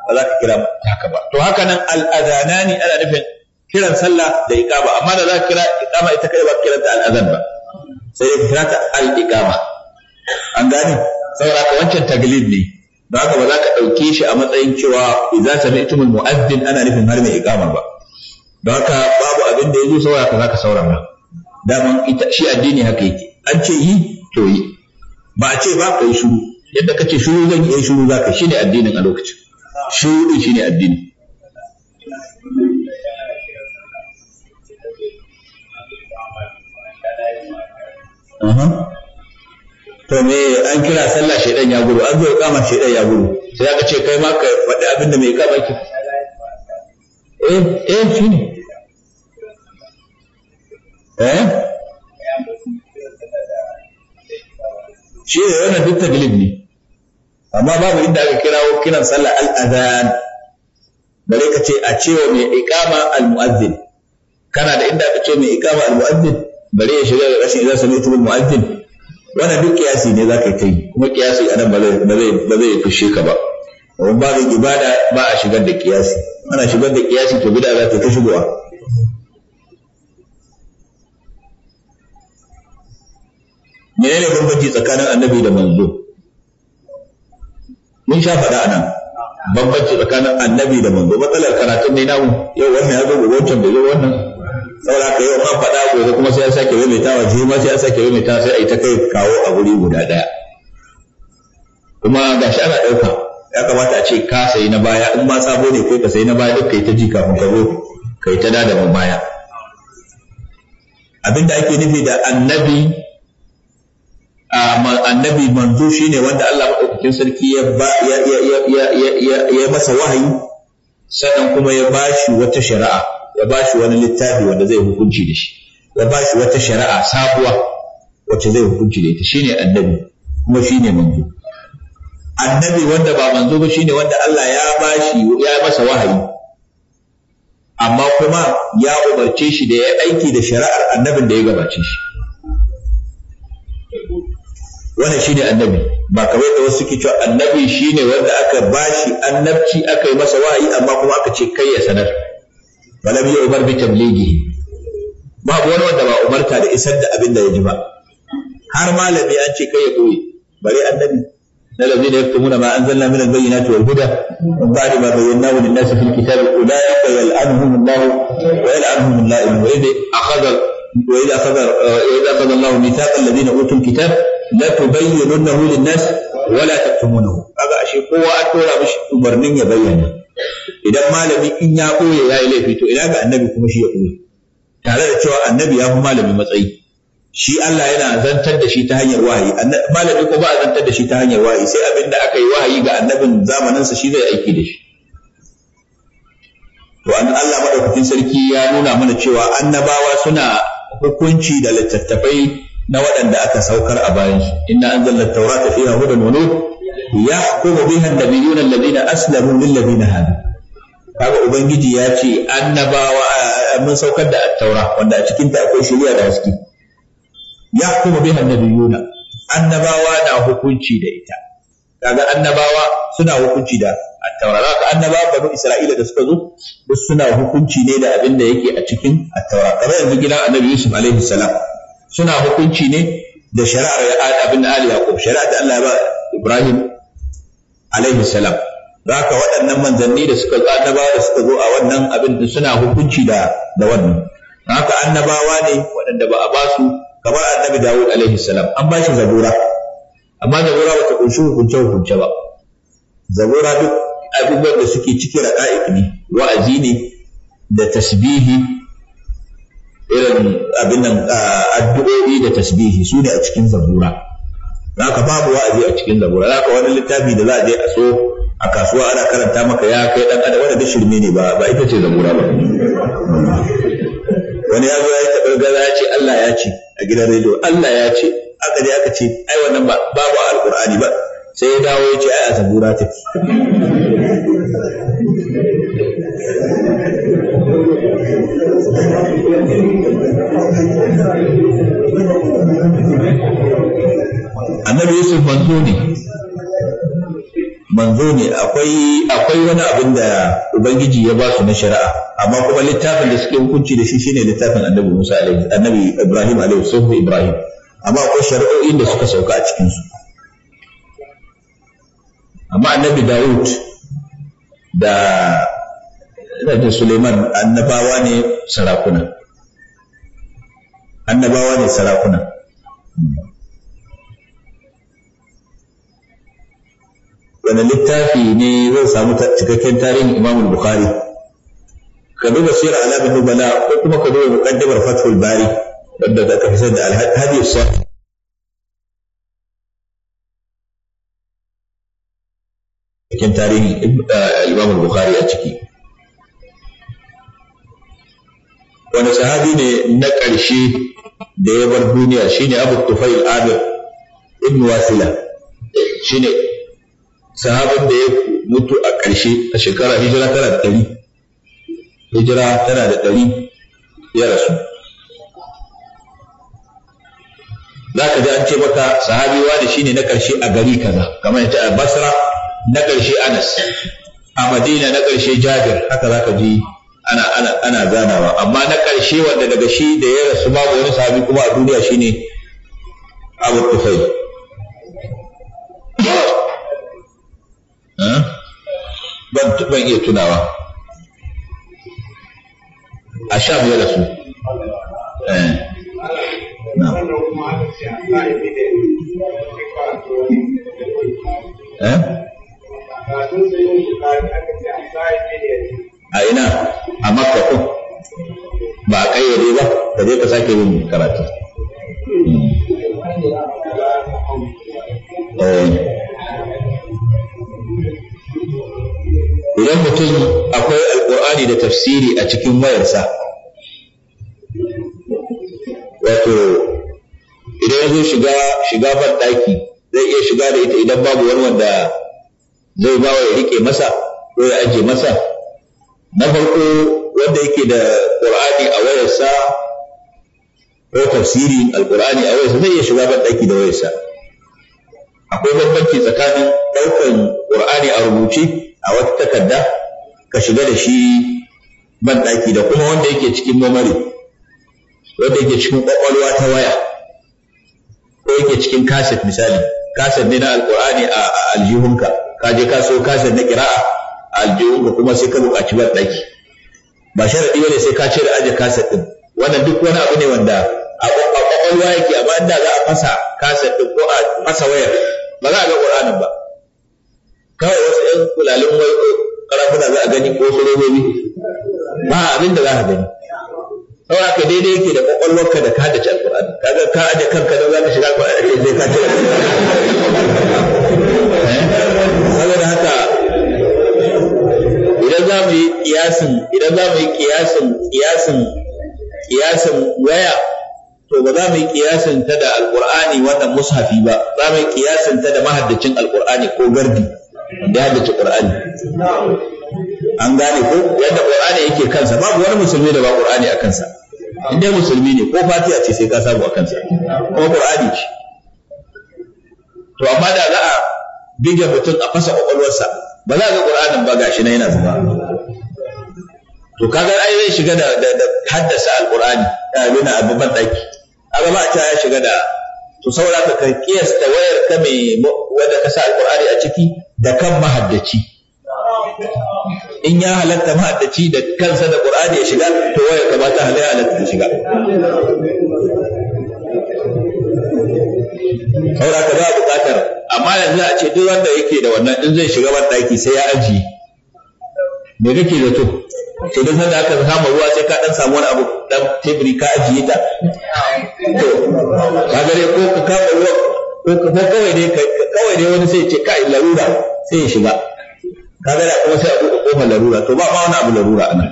ba za ka kira mata haka ba to haka nan al ana nufin kiran sallah da iqama amma da za ka kira iqama ita kaɗai ba ka kiranta ta al'azan ba sai ka kira ta al'iqama an gane saboda wancan taglib ne haka ba za ka ɗauke shi a matsayin cewa idza sami'tumul mu'addin ana nufin har mai iqama ba don haka babu abin da yazo saboda ka zaka saurara daman ita shi addini haka yake an ce yi to yi ba a ce ba ka yi shuru. yadda ka ce shuru zan yi shuru za ka shi ne addinin a lokacin Shuru din shi ne addini Uh-huh. to me an kira sallah shaidan ya gudu an zo kama shaidan ya gudu sai aka ce kai ma ka faɗi abin da mai kama ki eh eh shi ne eh shi ne wannan duk taglib ne amma babu inda aka kirawo kiran sallah al-adhan bare ka ce a cewa mai iqama al muazzin kana da inda aka ce mai iqama al muazzin bare ya shiga da rashin idan sami tubul muazzin wannan duk kiyasi ne za ka yi ta yi kuma kiyasi a nan ba zai fushe ka ba domin ba zai ibada ba a shigar da kiyasi ana shigar da kiyasi to bida za ta ta shigowa menene bambanci tsakanin annabi da manzo mun sha faɗa a nan bambanci tsakanin annabi da manzo matsalar karatun ne namu yau wannan ya zo gobe wancan bai zo wannan saboda ka yau an faɗa gobe kuma sai ya sake maimaitawa jihi ma sai ya sake maimaitawa sai a yi ta kai kawo a guri guda ɗaya kuma ga shi ana ɗauka ya kamata a ce ka sayi na baya in ma sabo ne ko ka sayi na baya duk ka yi ta ji kafin ka zo yi ta da mu baya abinda ake nufi da annabi annabi manzo shine wanda Allah maɗaukakin sarki ya masa wahayi sannan kuma ya bashi wata shari'a ya ba shi wani littafi wanda zai hukunci da shi ya ba shi wata shari'a sabuwa wacce zai hukunci da ita shine annabi kuma shine manzo annabi wanda ba manzo ba shine wanda Allah ya ba shi ya masa wahayi amma kuma ya umarce shi da ya aiki da shari'ar annabin da ya gabace shi wannan shine annabi ba kawai da wasu suke cewa annabi shine wanda aka bashi annabci aka yi masa wahayi amma kuma aka ce kai ya sanar balam ya umar bi tablighi babu wani wanda ba umarta da isar da abin da ya ji ba har malami an ce kai ya koyi bare annabi na labi da yaktumuna ma anzalna min al-bayyinati wal huda min ba'di ma bayyanahu lin-nas fil kitabi ulaika yal'anuhum Allah wa yal'anuhum al-la'in wa idh akhadha wa idh akhadha idh akhadha Allah mithaqa alladhina utul kitab la tubayyinunahu lin-nas wa la taktumunhu kaga ashe kowa an tura mishi umarnin ya bayyana idan malami in ya ɓoye ya yi laifi to ina ga annabi kuma shi ya ɓoye tare da cewa annabi ya fi malami matsayi shi Allah yana zantar da shi ta hanyar wahayi malami ko ba a zantar da shi ta hanyar wahayi sai abin da aka yi wahayi ga annabin zamaninsa shi zai aiki da shi to an Allah madaukakin sarki ya nuna mana cewa annabawa suna hukunci da littattafai na waɗanda aka saukar a bayan su inna anzalna tawrata fiha hudan wa nur yahkumu biha an-nabiyuna alladhina aslamu lil ladina hadu kaga ubangiji ya ce annabawa mun saukar da Attaura, wanda a cikin ta akwai shari'a da haske yahkumu biha an-nabiyuna annabawa na hukunci da ita kaga annabawa suna hukunci da Attaura. taura kaga annabawa banu isra'ila da suka zo duk suna hukunci ne da abin da yake a cikin Attaura. taura kamar yanzu gidan annabi yusuf alaihi salam suna hukunci ne da shari'ar abin da ali yaqub shari'ar da Allah ya ba Ibrahim alaihi salam haka waɗannan manzanni da suka annabawa da suka zo a wannan abin da suna hukunci da da wannan haka annabawa ne waɗanda ba a ba su kamar annabi Dawud alaihi salam an ba shi zabura amma zabura ba ta kunshi hukunce hukunce ba zabura duk abubuwan da suke ciki raqa'iq ne wa'azi ne da tasbihi irin abin nan addu'o'i da tasbihi su ne a cikin zabura za ka babu wa'azi a cikin zabura za ka wani littafi da za a je a so a kasuwa ana karanta maka ya kai dan adam wanda shirme ne ba ba ita ce zabura ba wani ya zo ya taɓa gaza ya ce Allah ya ce a gidan rediyo Allah ya ce aka je aka ce ai wannan ba babu alqur'ani ba sai ya dawo ya ce ai a zabura ta Thank annabi yusuf manzo ne manzo ne akwai akwai wani abin da ubangiji ya ba su na shari'a amma kuma littafin da suke hukunci da shi shine littafin annabi musa alaihi annabi ibrahim alaihi salatu ibrahim amma akwai shari'o'in da suka sauka a cikin su amma annabi daud da da suleiman annabawa ne sarakuna annabawa ne sarakuna wani littafi ne zan samu cikakken tarihin Imam Bukhari ka duba sirar alamin nubala ko kuma ka duba muqaddimar Fathul Bari wanda da aka fi da al-Hadi Sahih cikin tarihin eh, Imam Bukhari a ciki wani sahabi ne na ƙarshe da ya bar duniya shine Abu Tufail Amir ibn Wasila shine sahaban da ya mutu a ƙarshe a shekara hijira tana da ɗari hijira tana da ɗari ya rasu za ka ji an ce maka sahabi wani shine na ƙarshe a gari kaza kamar ya ce a basra na ƙarshe anas a madina na ƙarshe jabir haka za ka ji ana ana ana zanawa amma na ƙarshe wanda daga shi da ya rasu babu wani sahabi kuma a duniya shine abu tufai ban iya tunawa a sha da su eh. eh? a ina a makka ko ba a kayyade ba da zai ka sake yin karatu hmm. eh. idan mutum akwai alƙur'ani da tafsiri a cikin wayarsa wato idan ya zo shiga shiga banɗaki zai iya shiga da ita idan babu wani wanda zai bawa ya riƙe masa ko ya aje masa na farko wanda yake da ƙur'ani a wayarsa ko tafsiri alƙur'ani a wayarsa zai iya shiga banɗaki da wayarsa akwai bambanci tsakanin ɗaukan ƙur'ani a rubuce a wata takarda ka shiga da shi ban ɗaki da kuma wanda yake cikin mamari, wanda yake cikin ƙwaƙwalwa ta waya ko yake cikin kaset misali kaset ne na alƙur'ani a aljihunka ka je ka so kaset na ƙira'a a aljihunka kuma sai ka buƙaci ban ɗaki ba sharaɗi bane sai ka ce da aje kaset ɗin wannan duk wani abu ne wanda a ƙwaƙwalwa yake amma inda za a fasa kaset ɗin ko a fasa wayar ba za a ga ƙur'anin ba kawai wasu ‘yan kulalin wai ko karafuna za a gani ko su robobi ba abin da za a gani saboda ka daidai yake da kwakwalwarka da ka da ci alkur'ani kaga ka aje kanka da za ka shiga alkur'ani eh, zai ka ci eh? saboda haka idan za mu yi kiyasin idan za mu yi kiyasin kiyasin kiyasin waya to ba za mu yi kiyasin ta da alkur'ani wannan mushafi ba za mu yi kiyasin ta da mahaddacin alkur'ani ko gardi ya haddace ƙur'ani an gane ko yadda ƙur'ani yake kansa babu wani musulmi da ba ƙur'ani a kansa in dai musulmi ne ko a ce sai ka samu a kansa ko ƙur'ani ce to amma da za a bige mutum a fasa kwakwalwarsa ba za a ga ƙur'anin ba gashi na yana zuba to kaga ai zai shiga da haddasa Alƙur'ani da eh, abin abin ɗaki a ba ta ya shiga da to saboda ka ka kiyasta wayar ta mai wadda ka sa Alƙur'ani a ciki da kan mahaddaci in ya halatta mahaddaci da kansa da qur'ani ya shiga to wayar ka ba ta halatta ta shiga saboda ka ba buƙatar amma yanzu a ce duk wanda yake da wannan in zai shiga ban sai ya ajiye me kake zato to duk wanda aka kama ruwa sai ka dan samu wani abu dan tebiri ka ajiye ta to ka gare ko ka kama ruwa ko ka kawai dai kawai dai wani sai ce ka larura sai ya shiga ka gare kuma sai a buɗe kofar larura to ba ma wani abu larura anan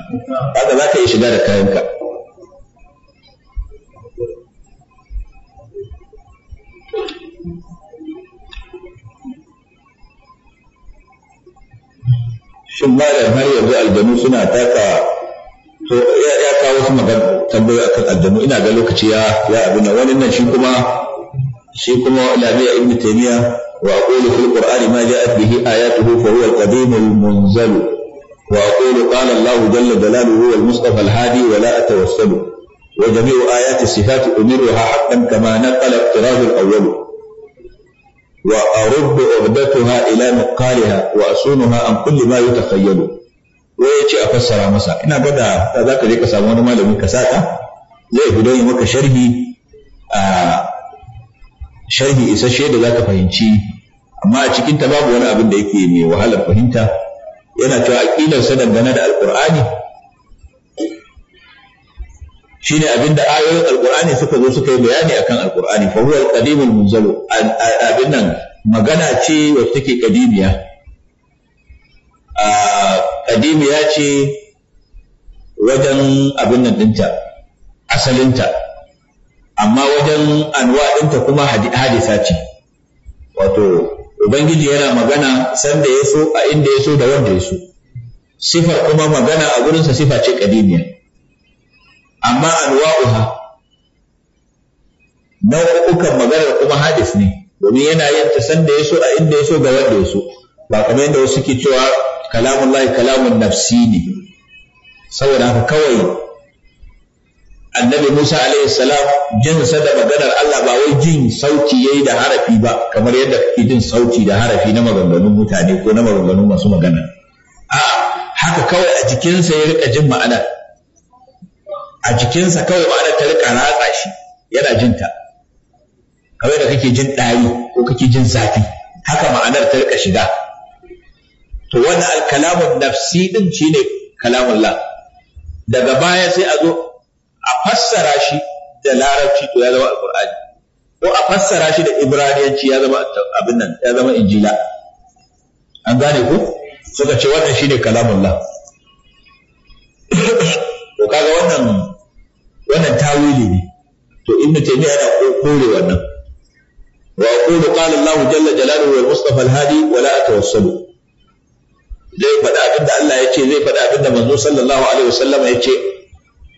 kaga za ka yi shiga da kayanka shin malam har yanzu aljanu suna taka to ya kawo wasu magana tambayoyi akan aljanu ina ga lokaci ya ya abin wani nan shi kuma shi kuma labiya ibn taymiya wa aqulu fil qur'ani ma ja'at bihi ayatuhu fa huwa al-qadim al-munzal wa aqulu qala Allah jalla jalaluhu wal mustafa al-hadi wa la atawassalu وجميع آيات الصفات أمرها حقا كما نقل اقتراب الأول وأرد عقدتها إلى مقالها وأصونها عن كل ما يتخيل ويأتي أفسر مسا إن بدا ذاك ذيك سامون ما لم كساتا zai guda yi maka sharhi a sharhi isasshe da zaka fahimci amma a cikin ta babu wani abin da yake mai wahalar fahimta yana cewa aqidarsa dangane da alqur'ani shine abinda ayoyin alkur'ani suka zo suka yi bayani akan alkur'ani fa huwa alqadimul munzalu abin nan magana ce wacce take kadimiya a kadimiya ce wajen abin nan dinta asalinta amma wajen anwa dinta kuma hadisa ce wato ubangiji yana magana sanda ya so a inda ya so da wanda ya so sifar kuma magana a gurinsa sifa ce kadimiya amma anwa'uha nau'ukan maganar kuma hadis ne domin yana yin ta sanda ya so a inda yaso ga wanda yaso so ba kamar yadda wasu ke cewa kalamun lahi kalamun nafsi ne saboda haka kawai annabi Musa alaihi salam jin da maganar Allah ba wai jin sauti yayi da harafi ba kamar yadda kake jin sauti da harafi na maganganun mutane ko na maganganun masu magana a haka kawai a jikinsa ya rika jin ma'ana a jikinsa kawai ba ta rika ratsa shi yana jinta kawai da kake jin ɗari ko kake jin zafi haka ma'anar ta rika shiga to wannan alkalamun nafsi din shi ne kalamun la daga baya sai a zo a fassara shi da larabci to ya zama alqur'ani ko a fassara shi da ibraniyanci ya zama abin nan ya zama injila an gane ko suka ce wannan shine la. Ko kaga wannan wannan tawili ne to ibnu taymiya yana kore wannan wa aqulu qala Allah jalla jalaluhu wal mustafa al hadi wa la atawassalu zai faɗa abin da Allah ya ce zai faɗa abin da manzo sallallahu alaihi wasallam ya ce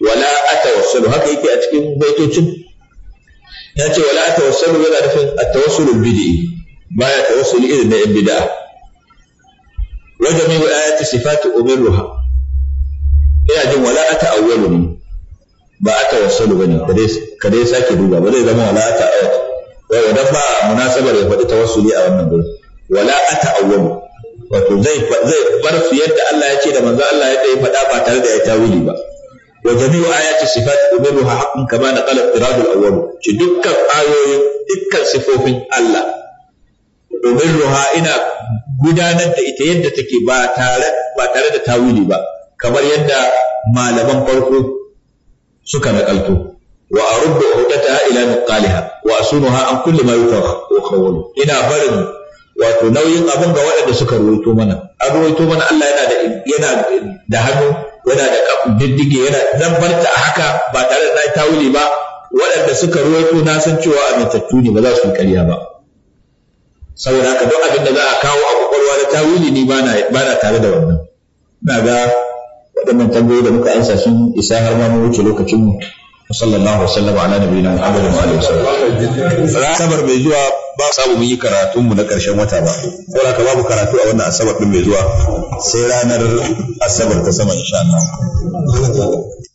wala atawassalu haka yake a cikin baitocin ya ce wala atawassalu yana nufin at-tawassul bid'i baya tawassuli irin na bid'a wa jami'u ayati sifati umirruha ina jin wala ata ata'awwalu ba a tawassalu bane ka dai sake duba ba zai zama wala ta awwa dan ba munasabar ya faɗi tawassuli a wannan gurin wala a ata'awwalu wato zai zai bar su yadda Allah ya ce da manzo Allah ya dai faɗa ba tare da ya tawili ba wa jami'u ayati sifat umuruha haqqan kama na al-irad al-awwal ci dukkan ayoyin dukkan sifofin Allah umuruha ina gudanar da ita yadda take ba tare ba tare da tawili ba kamar yadda malaman farko suka nakalto wa aruddu uqataha ila nuqaliha wa ha an kulli ma yukhawwalu ina barin wato nauyin abin ga waɗanda suka ruwaito mana an ruwaito mana Allah yana da yana da hannu yana da diddige yana zan barta a haka ba tare da tawuli ba waɗanda suka ruwaito na san cewa amintattu ne ba za su yi ƙarya ba saboda haka duk abin da za a kawo a kwakwalwa da tawili ni ba na tare da wannan ina ga waɗannan tambayoyi da muka ansa sun isa har ma mu wuce lokacin mu sallallahu alaihi wasallam ala nabiyina muhammadin wa alihi wasallam mai zuwa ba samu mun yi karatun mu na karshen wata ba saboda ka babu karatu a wannan asabar din mai zuwa sai ranar asabar ta sama insha Allah